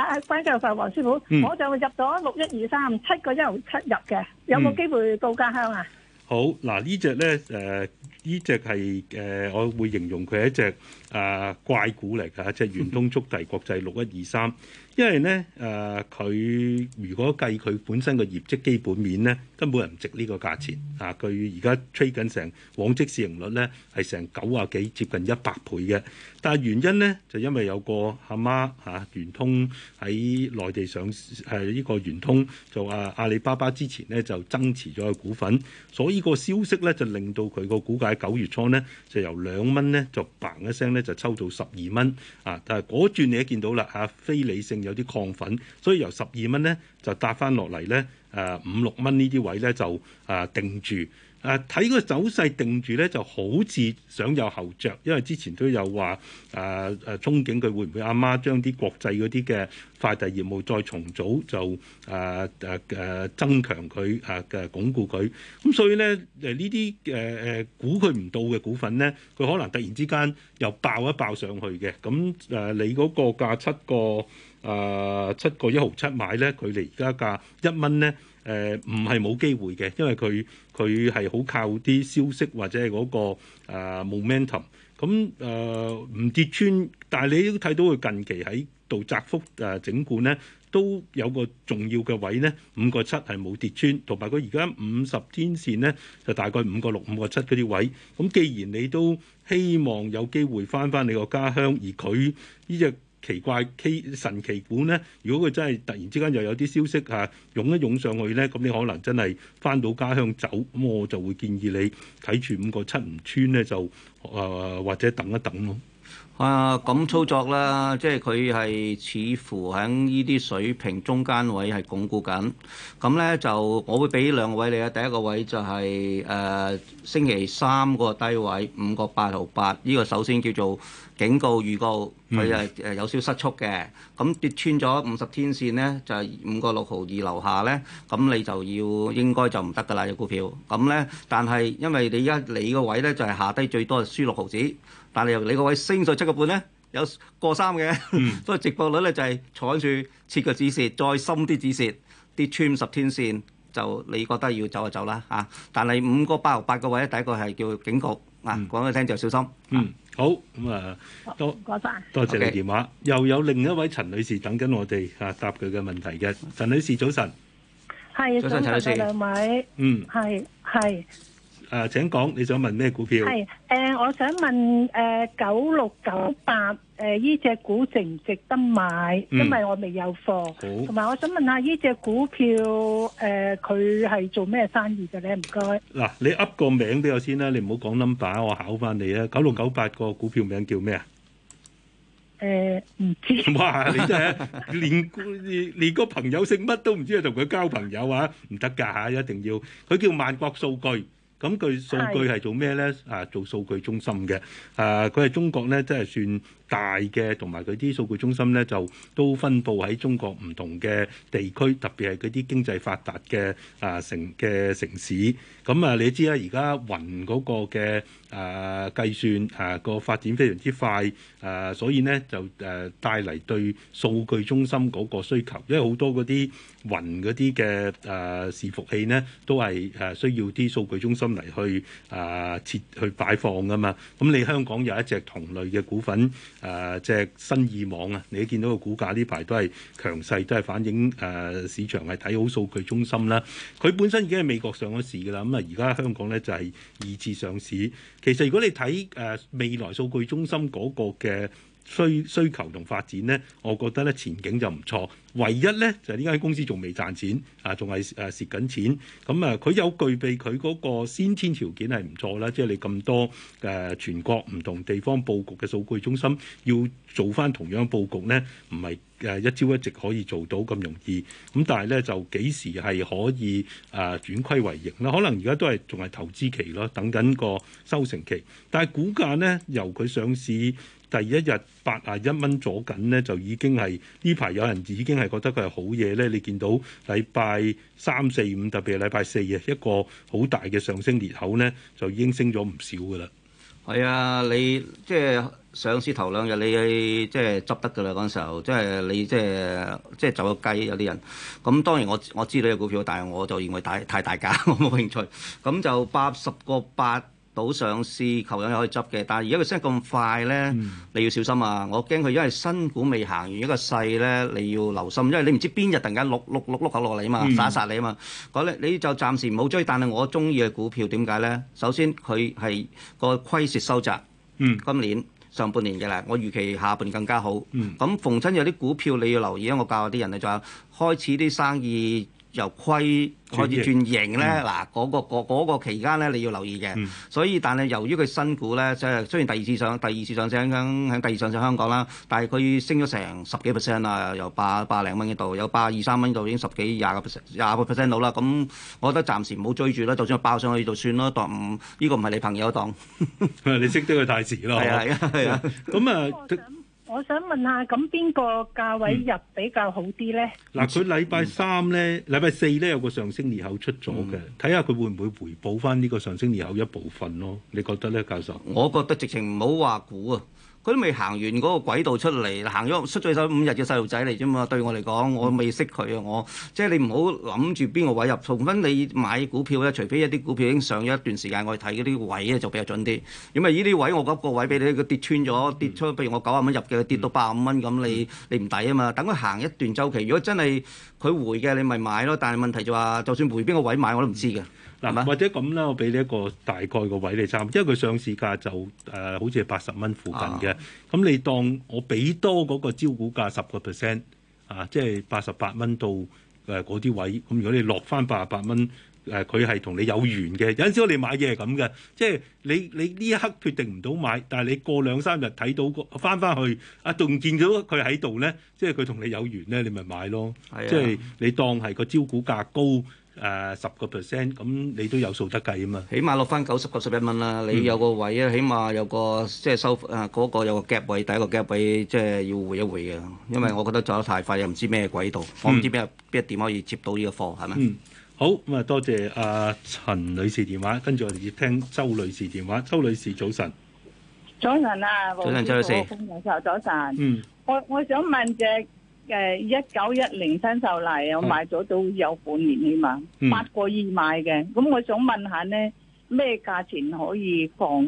Speaker 3: 啊
Speaker 4: ！Frank 教
Speaker 3: 授，黃師傅，我
Speaker 1: 就入咗六一二三七個一入七入嘅，有冇機會到家鄉啊？好嗱，呢隻咧誒。呢隻係誒，我會形容佢一隻啊、呃、怪股嚟㗎，即係圓通速遞國際六一二三，因為咧誒佢如果計佢本身嘅業績基本面咧，根本係唔值呢個價錢啊！佢而家 trading 緊成往績市盈率咧係成九十幾，接近一百倍嘅。但係原因咧就因為有個阿媽嚇圓、啊、通喺內地上誒呢、啊呢個圓通就話阿里巴巴之前咧就增持咗個股份，所以個消息咧就令到佢個股價。九月初咧就由兩蚊咧就嘭一聲咧就抽到十二蚊啊！但係嗰轉你都見到啦，啊非理性有啲亢奮，所以由十二蚊咧就搭翻落嚟咧，誒五六蚊呢啲位咧就誒、啊、定住。誒睇嗰個走勢定住咧，就好似想有後着。因為之前都有話誒誒，憧憬佢會唔會阿、啊、媽將啲國際嗰啲嘅快遞業務再重組，就誒誒誒，增強佢誒嘅鞏固佢。咁所以咧誒呢啲誒誒估佢唔到嘅股份咧，佢可能突然之間又爆一爆上去嘅。咁誒，你嗰個價七個誒、啊、七個一毫七買咧，佢哋而家價一蚊咧。誒唔係冇機會嘅，因為佢佢係好靠啲消息或者係、那、嗰個、呃、momentum、嗯。咁誒唔跌穿，但係你都睇到佢近期喺度窄幅誒整固咧，都有個重要嘅位咧，五個七係冇跌穿，同埋佢而家五十天線咧就大概五個六、五個七嗰啲位。咁既然你都希望有機會翻翻你個家鄉，而佢呢隻，奇怪奇神奇股呢，如果佢真係突然之間又有啲消息啊，湧一湧上去呢，咁你可能真係翻到家鄉走，咁我就會建議你睇住五個七唔穿呢，就誒、呃、或者等一等咯。
Speaker 2: 啊，咁操作啦，即係佢係似乎喺呢啲水平中間位係鞏固緊，咁呢，就我會俾兩個位你啊，第一個位就係、是、誒、呃、星期三個低位五個八毫八，呢個首先叫做。警告預告，佢係誒有少失速嘅，咁、嗯嗯嗯、跌穿咗五十天線咧，就係五個六毫二樓下咧，咁你就要應該就唔得㗎啦，隻股票。咁咧，但係因為你而家你個位咧就係、是、下低最多係輸六毫子，但係又你個位升咗七個半咧，有過三嘅，嗯、 所以直覺率咧就係採住切個指蝕，再深啲指蝕，跌穿五十天線就你覺得要走就走啦、啊、嚇、啊。但係五個八毫八個位咧，第一個係叫警告啊，講咗聽就小心啊。嗯啊。好咁啊，多多謝你電話，Okay. 又有另一位陳女
Speaker 1: 士等緊我哋啊答佢嘅問題嘅，陳女士早晨，
Speaker 4: 係早晨陳女士兩
Speaker 1: 位，嗯係係，誒、啊、請講，你想問咩股票？係
Speaker 4: 誒、呃、我想問誒九六九八。呃 96, 誒呢隻股值唔值得買？因為我未有貨，同埋
Speaker 1: 我想問下呢隻股票誒佢係做咩生意嘅咧？唔該。嗱，你噏個名俾我先啦，你唔好講 number，我考翻你啊。九六九八個股票名叫咩啊？誒
Speaker 4: 唔知。哇！你真
Speaker 1: 係連連連個朋友姓乜都唔知，同佢交朋友啊？唔得㗎嚇，一定要。佢叫萬國數據，咁佢數據係做咩咧？啊，做數據中心嘅。啊，佢係中國咧，真係算。大嘅同埋佢啲數據中心咧，就都分布喺中國唔同嘅地區，特別係嗰啲經濟發達嘅啊城嘅城市。咁啊，你知啦、啊，而家雲嗰個嘅誒計算啊個、呃、發展非常之快誒、呃，所以咧就誒帶嚟對數據中心嗰個需求，因為好多嗰啲雲嗰啲嘅誒伺服器咧，都係誒需要啲數據中心嚟去誒、呃、設去擺放噶嘛。咁、嗯、你香港有一隻同類嘅股份。誒隻、呃就是、新意網啊，你見到個股價呢排都係強勢，都係反映誒、呃、市場係睇好數據中心啦。佢本身已經係美國上咗市㗎啦，咁啊而家香港咧就係、是、二次上市。其實如果你睇誒、呃、未來數據中心嗰個嘅需需求同發展咧，我覺得咧前景就唔錯。唯一咧就係呢間公司仲未賺錢，啊，仲係誒蝕緊錢。咁啊，佢有具備佢嗰個先天條件係唔錯啦，即、就、係、是、你咁多誒、啊、全國唔同地方佈局嘅數據中心，要做翻同樣佈局咧，唔係誒一朝一夕可以做到咁容易。咁、啊、但係咧就幾時係可以誒、啊、轉虧為盈咧？可能而家都係仲係投資期咯，等緊個收成期。但係股價呢，由佢上市第一日，八十一蚊左緊呢，就已經係，呢排有人已經係覺得佢係好嘢呢。你見到禮拜三、四、五，特別係禮拜四啊，一個好大嘅上升裂口呢，就已經升咗
Speaker 2: 唔少噶啦。係啊，你即係上市頭兩日，你係即係執得噶啦嗰陣時候，即係你即係即係走個雞有啲人。咁當然我我知道有股票，但係我就認為大太大價，我冇興趣。咁就八十個八，賭上司，球友又可以執嘅，但係而家佢升得咁快咧，你要小心啊！我驚佢因為新股未行完一個勢咧，你要留心，因為你唔知邊日突然間碌碌碌碌下落嚟啊嘛，殺一殺你啊嘛。嗰咧你就暫時唔好追，但係我中意嘅股票點解咧？首先佢係個虧蝕收窄，今年上半年嘅啦，我預期下半年更加好。咁逢親有啲股票你要留意，因為我教啲人啊，仲有開始啲生意。由虧開始轉型咧，嗱嗰、嗯啊那個嗰、那個那個、期間咧，你要留意嘅。嗯、所以但係由於佢新股咧，即係雖然第二次上第二次上升緊，喺第二次上上香港啦，但係佢升咗成十幾 percent 啦，由八百零蚊度，有百二三蚊度已經十幾廿個 percent 廿個 percent 到啦。咁我覺得暫時唔好追住啦，就算爆上去就算咯，當呢個唔係你朋友當。你識得佢太遲咯。係啊係啊，咁、嗯、 啊。
Speaker 4: 我想
Speaker 1: 問下，咁邊個價位入比較好啲咧？嗱、嗯，佢禮拜三咧，禮拜四咧有個上升裂口出咗
Speaker 2: 嘅，睇下佢會唔會回補翻呢個上升裂口一部分咯？你覺得咧，教授？我覺得直情唔好話估啊。佢都未行完嗰個軌道出嚟，行咗出咗手五日嘅細路仔嚟啫嘛。對我嚟講，我未識佢啊，嗯、我即係你唔好諗住邊個位入。除非你買股票咧，除非一啲股票已經上咗一段時間，我睇嗰啲位咧就比較準啲。咁啊，呢啲位我嗰個位俾你，佢跌穿咗，跌出，譬如我九啊蚊入嘅，跌到八五蚊咁，你你唔抵啊嘛。等佢行一段周期，如果真係佢回嘅，你咪買咯。但係問題就話、是，就算回邊個位買我都唔知嘅。嗯。嗱、啊，或者咁啦，我俾你一個大概個位你參，因為佢上市價就誒、
Speaker 1: 呃、好似係八十蚊附近嘅，咁、啊、你當我俾多嗰個招股價十個 percent 啊，即係八十八蚊到誒嗰啲位，咁、嗯、如果你落翻八十八蚊，誒佢係同你有緣嘅，有陣時我哋買嘢係咁嘅，即係你你呢一刻決定唔到買，但係你過兩三日睇到個翻翻去，阿、啊、仲見到佢喺度咧，即係佢同你有緣咧，你咪買咯，即係是、啊、你當係個招股價高。誒十個 percent，咁你都有數得計啊嘛！
Speaker 2: 起碼落翻九十九十一蚊啦，你有個位啊，起碼有個即係收誒嗰個有個 gap 位，第一個 gap 位即係要回一回嘅，因為我覺得走得太快又唔知咩軌道，我唔知邊日邊一點可以接到呢個貨係咪？嗯，好，咁啊，多謝
Speaker 1: 阿陳女士電話，跟住我哋接聽周女士電話。周女士早晨，早晨
Speaker 4: 啊，早晨周女士，早晨，早晨。嗯，我我想問隻。誒，一九一零新秀麗，嗯、我買咗都有半年起碼，八個億買嘅，咁我想問下咧，咩價錢可以放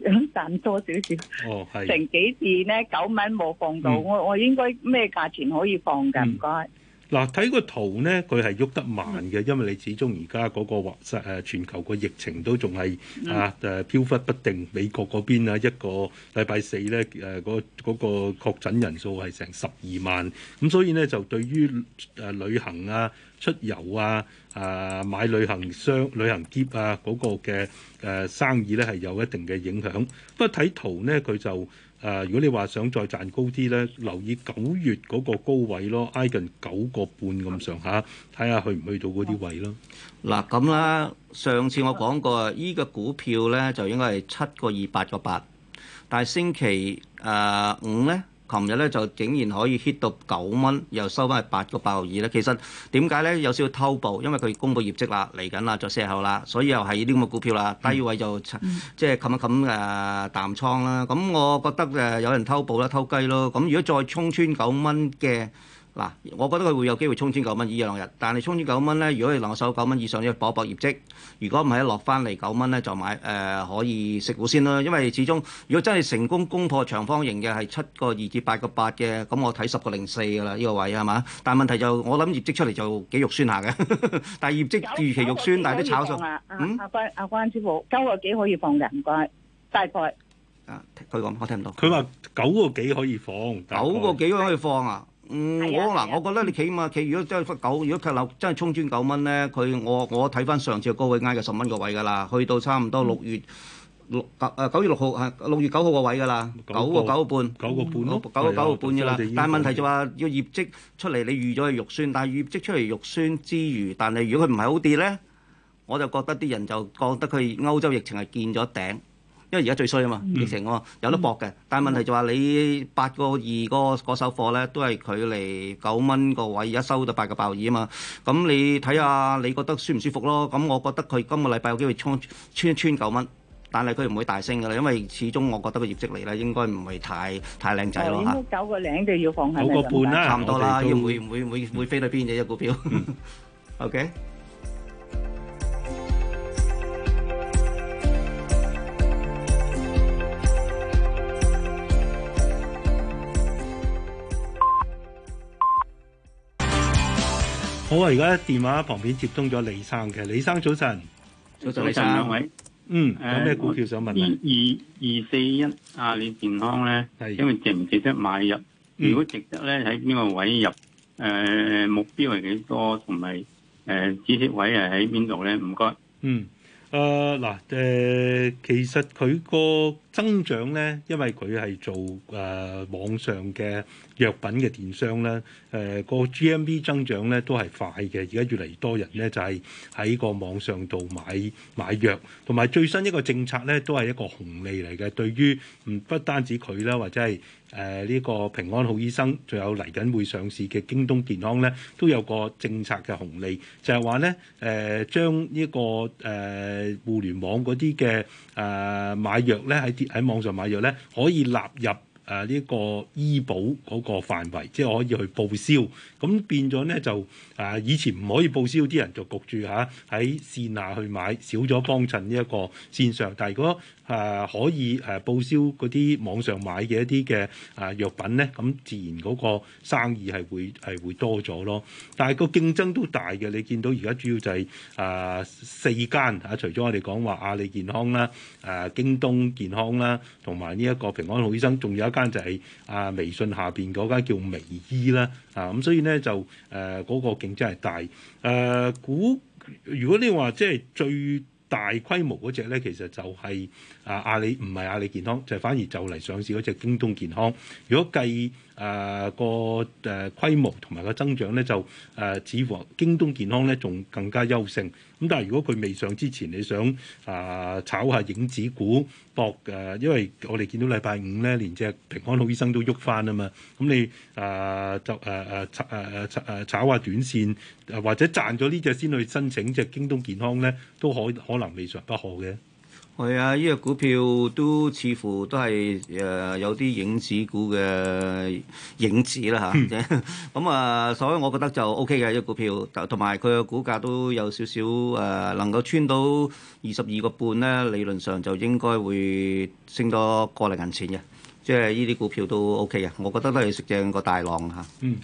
Speaker 4: 賺 多少少？哦
Speaker 3: 係，成
Speaker 4: 幾次咧九蚊冇放到，嗯、我我應該咩價錢可以放噶，唔該？嗯，謝謝。
Speaker 1: 嗱，睇個圖咧，佢係喐得慢嘅，因為你始終而家嗰個或誒全球個疫情都仲係啊誒飄忽不定，美國嗰邊啊一個禮拜四咧誒嗰嗰個確診人數係成十二萬，咁所以咧就對於誒旅行啊、出遊啊、啊買旅行箱、旅行篋啊嗰、嗰個嘅誒生意咧係有一定嘅影響。不過睇圖咧，佢就～誒，如果你話想再賺高啲呢，留意九月嗰個高
Speaker 2: 位咯，挨近九個半咁上下，睇下去唔去到嗰啲位咯。嗱、啊，咁啦，上次我講過，依、呢個股票呢，就應該係七個二八個八，但係星期誒五、呃、呢。琴日咧就竟然可以 hit 到九蚊，又收翻去八個八毫二咧。其實點解咧，有少少偷步，因為佢公布業績啦，嚟緊啦，再卸後啦，所以又係呢啲咁嘅股票啦。低位就即係冚一冚誒淡倉啦。咁我覺得誒有人偷步啦，偷雞咯。咁如果再衝穿九蚊嘅。嗱，我覺得佢會有機會衝千九蚊依樣嘢，但係衝千九蚊咧，如果你能收九蚊以上要搏一搏業績。如果唔係咧，落翻嚟九蚊咧，就買誒可以食糊先啦。因為始終如果真係成功攻破長方形嘅係七個二至八個八嘅，咁我睇十個零四嘅啦呢個位係咪？但係問題就我諗業績出嚟就幾肉酸下嘅。但係業績預期肉酸，但係都炒上。阿關阿關
Speaker 4: 師傅，九個幾
Speaker 2: 可以放嘅，唔該。大概。啊，佢講我聽唔到。佢話九個幾可以放。九個幾可以放啊？嗯，哎、呀我嗱，我覺得你企嘛，企如果真係忽九，如果佢樓真係衝穿九蚊咧，佢我我睇翻上次嘅高位挨嘅十蚊個位㗎啦，去到差唔多六月六、嗯、九個九月六號嚇六月九號個位㗎啦，嗯、九個九個半，九個半九個九個半㗎啦。但係問題就話要業績出嚟，你預咗係肉酸，但係業績出嚟肉酸之餘，但係如果佢唔係好跌咧，我就覺得啲人就覺得佢歐洲疫情係見咗頂。因為而家最衰啊嘛，疫情啊有得搏嘅。嗯、但係問題就話你八個二個嗰手貨咧，都係距離九蚊個位，而家收到八個爆二啊嘛。咁你睇下你覺得舒唔舒服咯？咁我覺得佢今個禮拜有機會穿穿穿九蚊，但係佢唔會大升嘅啦，因為始終我覺得個業績嚟啦，應該唔係太太靚仔咯。九個零
Speaker 4: 就要放喺冇個半啦、啊，差唔多
Speaker 2: 啦，會會會會飛到邊嘅一股票？OK。
Speaker 1: 好啊！而家電話旁邊接通咗李生嘅，李生早晨，
Speaker 2: 早晨李生，喂上，位嗯，
Speaker 1: 有咩股票想問？二
Speaker 2: 二二四
Speaker 1: 一，阿里、呃啊、健康咧，係是，因為值唔值得買入？如果值得咧，喺邊個位入？誒、呃，目標係幾多？同埋誒，止、呃、蝕位係喺邊度咧？唔該。嗯，誒、呃、嗱，誒、呃呃，其實佢個。增長咧，因為佢係做誒、呃、網上嘅藥品嘅電商咧，誒、呃那個 GMV 增長咧都係快嘅。而家越嚟越多人咧就係、是、喺個網上度買買藥，同埋最新一個政策咧都係一個紅利嚟嘅。對於唔不單止佢啦，或者係誒呢個平安好醫生，仲有嚟緊會上市嘅京東健康咧，都有個政策嘅紅利，就係話咧誒將呢、呃將這個誒、呃、互聯網嗰啲嘅。誒，買藥咧，喺啲喺網上買藥咧，可以納入。誒呢、啊呢個醫保嗰個範圍，即係可以去報銷，咁變咗咧就誒、啊、以前唔可以報銷啲人就焗住嚇喺線下去買，少咗幫襯呢一個線上。但係如果誒、啊、可以誒、啊、報銷嗰啲網上買嘅一啲嘅誒藥品咧，咁自然嗰個生意係會係會多咗咯。但係個競爭都大嘅，你見到而家主要就係誒四間嚇，除咗我哋講話阿里健康啦、誒、啊、京東健康啦，同埋呢一個平安好醫生，仲有一間。就係啊，微信下邊嗰間叫微醫啦，啊咁所以咧就誒嗰，呃那個競爭係大。誒、呃、股如果你話即係最大規模嗰隻咧，其實就係、是，啊阿里唔係阿里健康，就是，反而就嚟上市嗰隻京東健康。如果計誒，呃那個誒規模同埋個增長咧，就誒、呃、似乎京東健康咧仲更加優勝。咁但係如果佢未上之前，你想啊炒下影子股搏誒、啊，因為我哋見到禮拜五咧連隻平安好醫生都喐翻啊嘛，咁你啊就誒誒、啊啊、炒誒誒炒下短線，或者賺咗呢隻先去申請隻京東健康咧，都可可能未嘗不可嘅。
Speaker 2: 係啊，呢個股票都似乎都係誒有啲影子股嘅影子啦吓，咁啊， 所以我覺得就 O K 嘅呢個股票，同埋佢嘅股價都有少少誒、呃、能夠穿到二十二個半咧，理論上就應該會升多過嚟銀錢嘅。即係呢啲股票都 O K 嘅，我覺得都係食正個大浪嚇。啊嗯。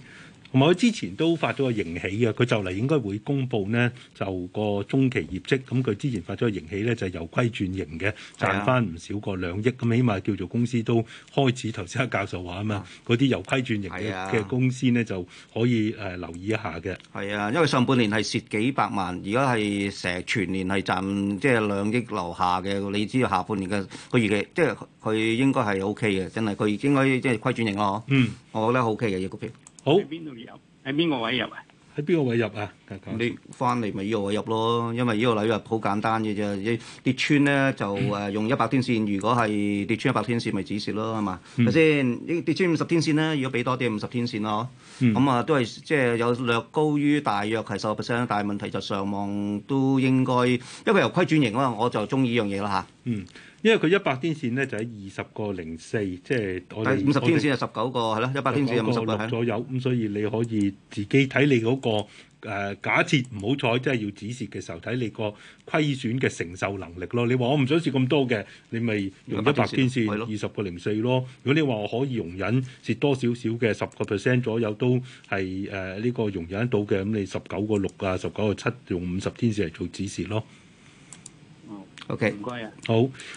Speaker 2: 同埋佢之前都發咗個盈喜嘅，佢就嚟應該會公布呢，就個中期業
Speaker 1: 績。咁佢之前發咗個盈喜咧，就係、由虧轉盈嘅，賺翻唔少過兩億。咁起碼叫做公司都開始頭先黑教授話啊嘛，嗰啲由虧轉盈嘅嘅公司呢，就
Speaker 2: 可以誒留意一下嘅。係、呃、啊，啊，因為上半年係蝕幾百萬，而家係成全年係賺即係兩億樓下嘅。你知道下半年嘅個預期即係佢應該係 O K 嘅，真係佢應該即係虧轉盈咯。嗯，我覺得 O K 嘅依個票。好喺邊度入？喺邊個位入啊？喺邊個位入啊？你翻嚟咪依個位入咯，因為依個例入好簡單嘅啫。啲跌穿咧就誒、嗯、用一百天線，如果係跌穿一百天線咪止蝕咯，係嘛？係咪先？跌穿五十天線咧，如果俾多啲五十天線咯，咁啊、嗯、都係即係有略高於大約係十個 percent，但係問題就上望都應該，因為由規轉型啊，我就中意依樣嘢啦嚇。啊、嗯。因為佢一百天線咧就喺二十
Speaker 1: 個零四，即係我哋。五十天線啊，十九個係
Speaker 2: 咯，一百天線五十個係。十九個六左
Speaker 1: 右，咁的所以你可以自己睇你嗰、嗰個誒假設唔好彩，即係要止蝕嘅時候，睇你個虧損嘅承受能力咯。你話我唔想蝕咁多嘅，你咪用一百天線二十個零四咯。的04，如果你話我可以容忍蝕多少少嘅十個 percent 左右都係誒呢個容忍到嘅，咁你十九個六啊，十九個七用五十天線嚟做止蝕咯。OK，唔該啊。好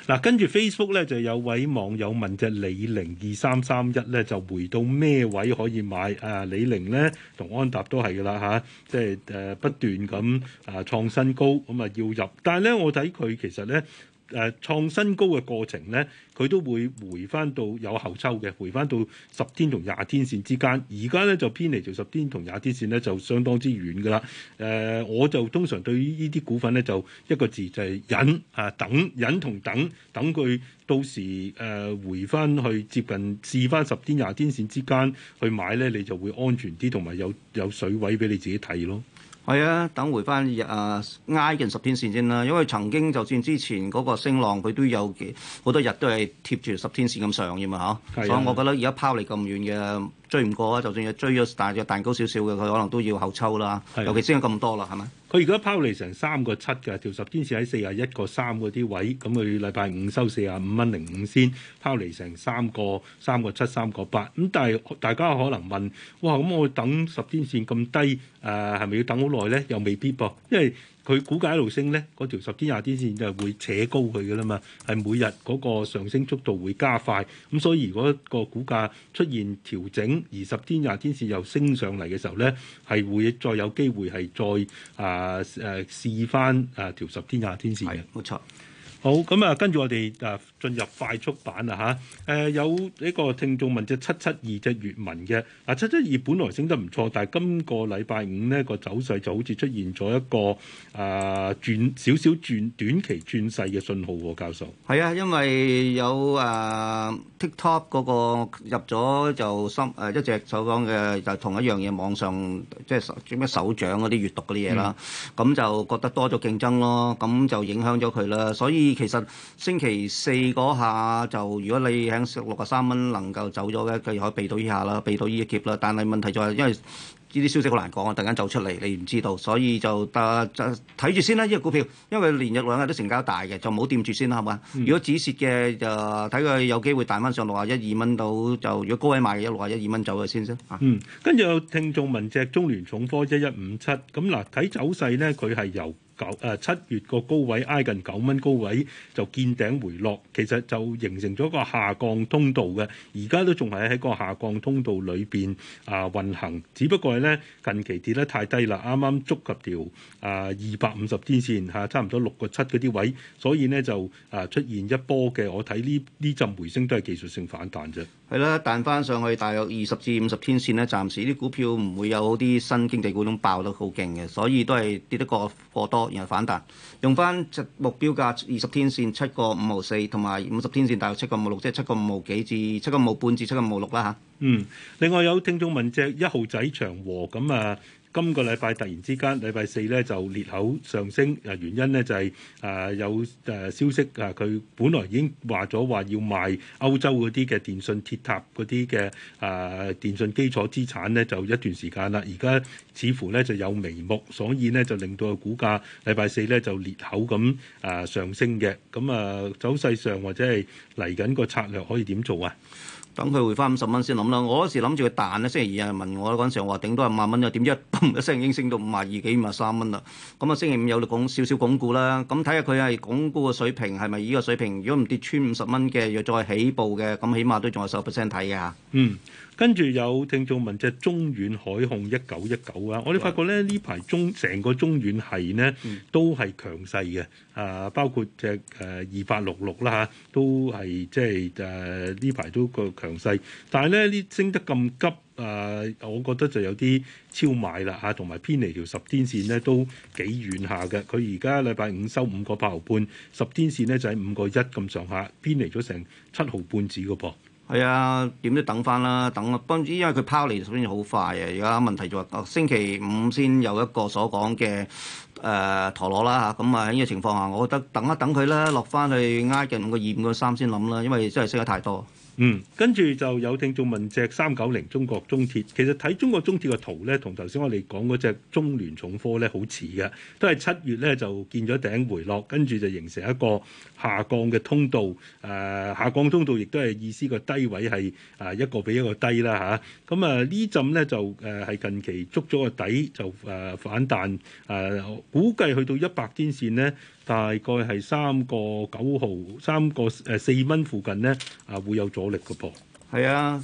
Speaker 1: 嗱，跟住 Facebook 咧，就有位網友問隻李寧二三三一咧，就回到咩位可以買啊？李寧咧同安踏都係噶啦嚇，即係誒、呃、不斷咁啊、呃、創新高咁啊要入，但係咧我睇佢其實咧。誒、啊、創新高嘅過程咧，佢都會回返到有後抽嘅，回返到十天同廿天線之間。而家咧就偏離咗十天同廿天線咧，就相當之遠㗎喇。誒、啊，我就通常對於呢啲股份咧，就一個字就係忍啊，等忍同等，等佢到時誒、呃、回返去接近試返十天廿天線之間去買咧，你就會安全啲同
Speaker 2: 埋有有水位俾你自己睇咯。係啊，等回翻啊挨近十天線先啦。因為曾經就算之前嗰個升浪佢都有幾好多日都係貼住十天線咁上嘅嘛嚇，啊、是的 所以我覺得而家拋離咁遠嘅。追唔過啊！就算佢追咗大約彈高少少嘅，佢可能都要後抽啦。的尤其升咁多啦，係咪？佢而家拋離成三個七
Speaker 1: 㗎條十天線喺四十一個三嗰啲位，咁佢禮拜五收四十五蚊零五先拋離成三個三個七三個八。咁但係大家可能問：哇！咁我等十天線咁低，誒係咪要等好耐咧？又未必噃，因為，佢股價一路升咧，嗰條十天廿天線就係會扯高佢噶啦嘛，係每日嗰個上升速度會加快，咁所以如果個股價出現調整，而十天廿天線又升上嚟嘅時候咧，係會再有機會係再啊誒試翻啊條十天廿天線嘅。係啊，冇錯。好咁啊，跟住我哋啊。進入快速版啦，嚇，誒有呢個聽眾問隻七七二隻閲文嘅。啊七七二本來升得唔錯，但係今個禮拜五呢個走勢就好似出現咗一個誒轉少少轉短期轉勢嘅信號喎，教授。
Speaker 2: 係啊，因為有誒 TikTok 嗰個入咗就深誒一隻所講嘅就同一樣嘢，網上即係叫咩手掌嗰啲閲讀嗰啲嘢啦，咁就覺得多咗競爭咯，咁就影響咗佢啦。所以其實星期四。嗰下就如果你喺六十三蚊能夠走咗嘅，佢可以避到以下啦，避到呢一劫啦。但係問題就係，因為呢啲消息好難講啊，突然間走出嚟你唔知道，所以就啊就睇住先啦。呢、呢個股票因為連日兩日都成交大嘅，就唔好掂住先啦，係嘛？嗯、如果止蝕嘅就睇佢有機會彈翻上六十一、二蚊到，就如果高位買嘅六十一、二蚊走嘅先啫。嗯，跟住有聽
Speaker 1: 眾問隻中聯重科一一五七，咁嗱睇走勢咧，佢係由。九誒七月個高位挨近九蚊高位就見頂回落，其實就形成咗一個下降通道嘅。而家都仲係喺個下降通道裏邊啊運行，只不過咧近期跌得太低啦，啱啱觸及掉啊二百五十天線嚇，啊，差唔多六個七嗰啲位，所以咧就啊出現一波嘅，我睇呢呢陣回升都係技術性反彈啫。
Speaker 2: 係啦，彈返上去大約二十至五十天線咧，暫時啲股票唔會有啲新經濟股種爆得好勁嘅，所以都係跌得過過多。然後反彈，用翻目標價二十天線七個五毫四，同埋五十天線大約七個五毫六，即係七個五毫幾至七個五毫半至七個五毫六啦嚇。嗯，另外有聽眾問一隻一號仔長
Speaker 1: 和咁啊。今個禮拜突然之間，禮拜四咧就裂口上升，原因咧就係、是、誒、呃、有誒、呃、消息，佢、啊、本來已經話咗話要賣歐洲嗰啲嘅電信鐵塔嗰啲嘅誒電信基礎資產咧，就一段時間啦。而家似乎咧就有眉目，所以咧就令到個股價禮拜四咧就裂口咁誒、呃、上升嘅。咁啊，走勢上或者係嚟緊個策略可
Speaker 2: 以點做啊？等佢回翻五十蚊先諗啦，我嗰時諗住佢彈咧，星期二有人問我嗰陣時，我話頂多 五十蚊啦，點知一嘣聲已經升到五十二幾五十三蚊啦。咁啊，星期五有講少少鞏固啦，咁睇下佢係鞏固嘅水平係咪依個水平？如果唔跌穿五十蚊嘅，又再起步嘅，咁起碼都仲有十 percent 睇嘅嚇。嗯。跟住有聽眾問隻中遠海
Speaker 1: 控，一九一九啊，我哋發覺咧，呢排中成個中遠系呢都係強勢嘅啊，包括隻誒二八六六啦嚇，都係即係誒呢排都個強勢。但係咧呢升得咁急啊、呃，我覺得就有啲超買啦嚇，同、啊、埋偏離條十天線呢都幾遠下嘅。佢而家禮拜五收五個八毫半，十天線呢就喺五個一咁上下，偏離咗成七毫半紙
Speaker 2: 嘅噃。係啊，點都等翻啦，等，啊，至因為佢拋嚟先好快啊。而家問題就係、話，星期五先有一個所講嘅誒陀螺啦嚇，咁啊喺呢個情況下，我覺得等一等佢啦，落翻去挨近個二五個三先諗啦，因為真係升得太多。嗯，跟住就有聽眾問隻三九零中國中鐵，其實睇中國中鐵嘅圖
Speaker 1: 咧，同頭先我哋講嗰隻中聯重科咧，好似嘅，都係七月咧就見咗頂回落，跟住就形成一個下降嘅通道。誒、呃、下降通道亦都係意思個低位係誒一個比一個低啦吓，咁啊陣呢陣咧就誒係、呃、近期捉咗個底就誒、呃、反彈，誒、呃、估計去到一百天線咧。大概係三個九毫，三個誒四蚊附近咧，啊會有阻力嘅噃。
Speaker 2: 係啊，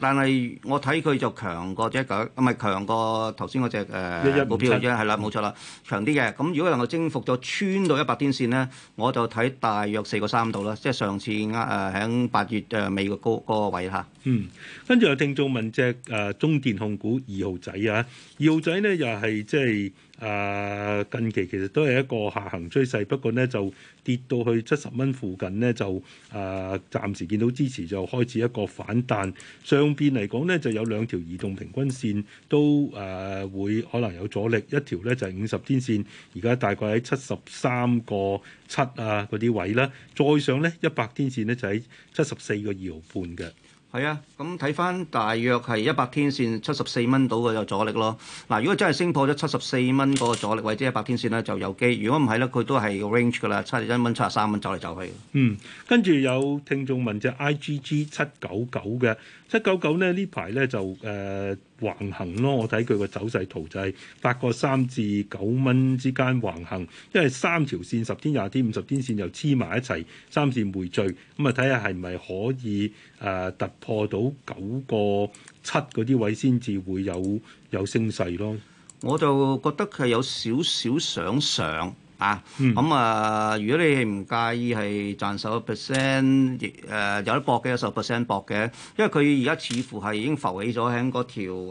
Speaker 2: 但係我睇佢就強過啫，咁唔係強過頭先嗰隻誒目標嘅啫，係啦、啊，冇錯啦，強啲嘅。咁如果能夠征服咗穿到一百天線咧，我就睇大約四個三度啦，即係上次呃喺八月誒、呃、尾嘅高嗰位嚇。嗯，跟住有聽眾問隻誒、呃、中電控股二號仔
Speaker 1: 啊，二號仔咧又係即係。誒、uh, 近期其實都係一個下行趨勢，不過咧就跌到去七十蚊附近咧就誒、uh, 暫時見到支持就開始一個反彈。上邊嚟講咧就有兩條移動平均線都誒、uh, 會可能有阻力，一條咧就係五十天線，而家大概喺七十三個七啊嗰啲位啦。再上咧一百天線咧就喺七十四個二毫半嘅。
Speaker 2: 係啊，咁睇翻大約係一百天線七十四蚊到嘅有阻力咯。嗱，如果真係升破咗七十四蚊個阻力或者一百天線咧，就有機；如果唔係咧，佢都係 range 噶啦，七十一蚊、七十三蚊走嚟走去。嗯，跟住有聽眾問隻 IGG
Speaker 1: 七九九嘅七九九咧呢排咧就誒。呃橫行咯，我睇佢個走勢圖就係八個三至九蚊之間橫行，因為三條線、十天、廿天、五十天線又黐埋一齊，三線匯聚，咁啊睇下係咪可以誒、呃、突破到九個七嗰啲位先至會有有
Speaker 2: 升勢咯。我就覺得佢係有少少想上。啊，咁啊、嗯，嗯、如果你唔介意係賺十 percent，亦誒有得搏嘅，有十 percent 搏嘅，因為佢而家似乎係已經浮起咗喺嗰條誒嗰、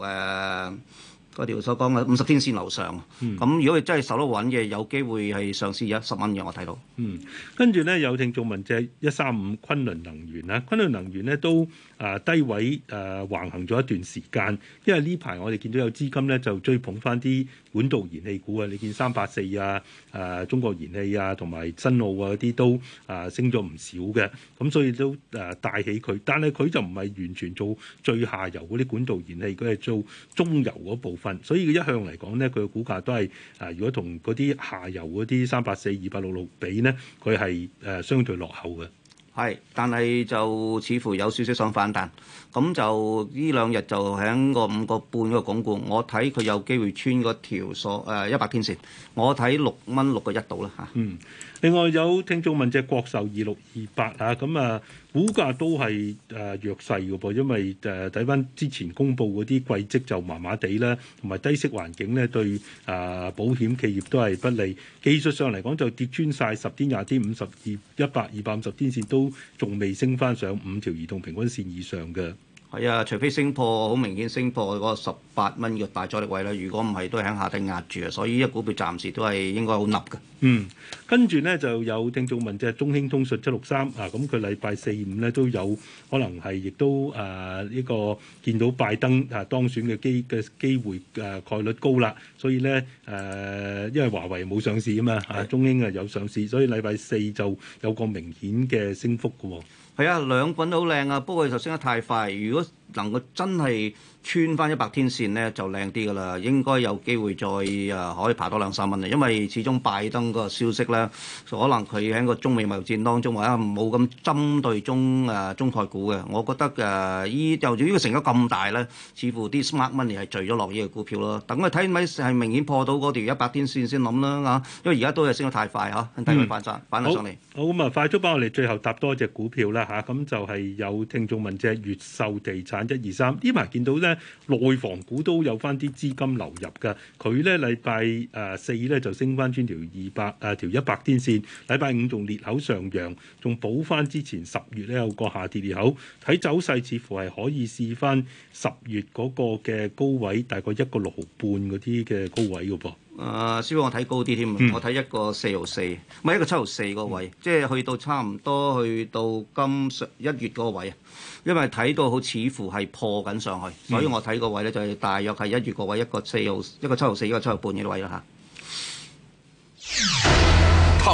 Speaker 2: 呃、條所講嘅五十天線樓上。咁、嗯、如果佢真係受得穩嘅，有機會係上試一十蚊嘅，我睇到。嗯，跟住咧有聽眾問即係一三五昆侖能源啦，昆侖能
Speaker 1: 源咧都啊、呃、低位誒、呃、橫行咗一段時間，因為呢排我哋見到有資金咧就追捧翻啲管道燃氣股啊，你見三八四啊、誒中國燃氣啊、同埋新奧啊嗰啲都誒、啊、升咗唔少嘅，咁所以都誒帶起佢，但係佢就唔係完全做最下游嗰啲管道燃氣，佢係做中游嗰部分，所以佢一向嚟講咧，佢嘅股價都係誒、啊、如果同嗰啲下游嗰啲三八四、二
Speaker 2: 百六六比咧，佢係誒相對落後嘅。係，但係就似乎有少少想反彈，咁就呢兩日就喺個五個半嗰個鞏固，我睇佢有機會穿個條索誒一百天線，我睇六蚊六個一度啦嚇。啊嗯。另外有聽眾問隻國壽二六二八啊，咁啊股價都係
Speaker 1: 誒、呃、弱勢嘅噃，因為誒睇翻之前公佈嗰啲季績就麻麻地啦，同埋低息環境咧對誒、呃、保險企業都係不利。技術上嚟講就跌穿晒十天、廿天、五十二一百、二百五十天線都仲未升翻上五條移動平均線以上嘅。
Speaker 2: 係啊，除非升破好明顯升破嗰十八蚊嘅大阻力位啦。如果唔係，都係喺下底壓住啊。所以依隻股票暫時都係應該好笠㗎。嗯，
Speaker 1: 跟住咧就有聽眾問即係中興通訊七六三啊，咁佢禮拜四五咧都有可能係亦都誒呢個見到拜登啊當選嘅機嘅機會誒、啊、概率高啦。所以咧誒、啊，因為華為冇上市啊嘛，的中興啊有上市，所以禮拜四就有個明顯嘅升幅㗎喎。
Speaker 2: 係啊，兩款都好靚啊，不過就升得太快，如果，能夠真係穿翻一百天線咧，就靚啲噶啦，應該有機會再誒可以爬多兩三蚊嘅，因為始終拜登個消息咧，可能佢喺個中美貿戰當中或者冇咁針對中誒中概股嘅。我覺得誒依就住依個成咗咁大咧，似乎啲 smart money 係聚咗落呢個股票咯。等佢睇咪係明顯破到嗰條一百天線先諗啦嚇，因為而家都係升得太快嚇，低位反殺反到上嚟。
Speaker 1: 好，咁啊，快速幫我哋最後答多隻股票啦嚇，咁就係有聽眾問隻越秀地彈一二三，1, 2, 呢排見到咧內房股都有翻啲資金流入㗎，佢咧禮拜誒四咧就升翻穿條二百誒、啊、條一百天線，禮拜五仲裂口上揚，仲補翻之前十月咧有個下跌裂口，睇走勢似乎係可以試翻十月嗰個嘅高位，大概一個六毫半嗰啲嘅高位㗎噃。
Speaker 2: 誒，師傅我睇高啲添，我睇一、嗯、一個四號四，唔係一個七號四個位，嗯、即係去到差唔多去到今上一月嗰個位，因為睇到好似乎係破緊上去，所以我睇個位咧就係、是、大約係一月個位一個四號，一個七號四，一個七號半嘅位啦嚇。啊。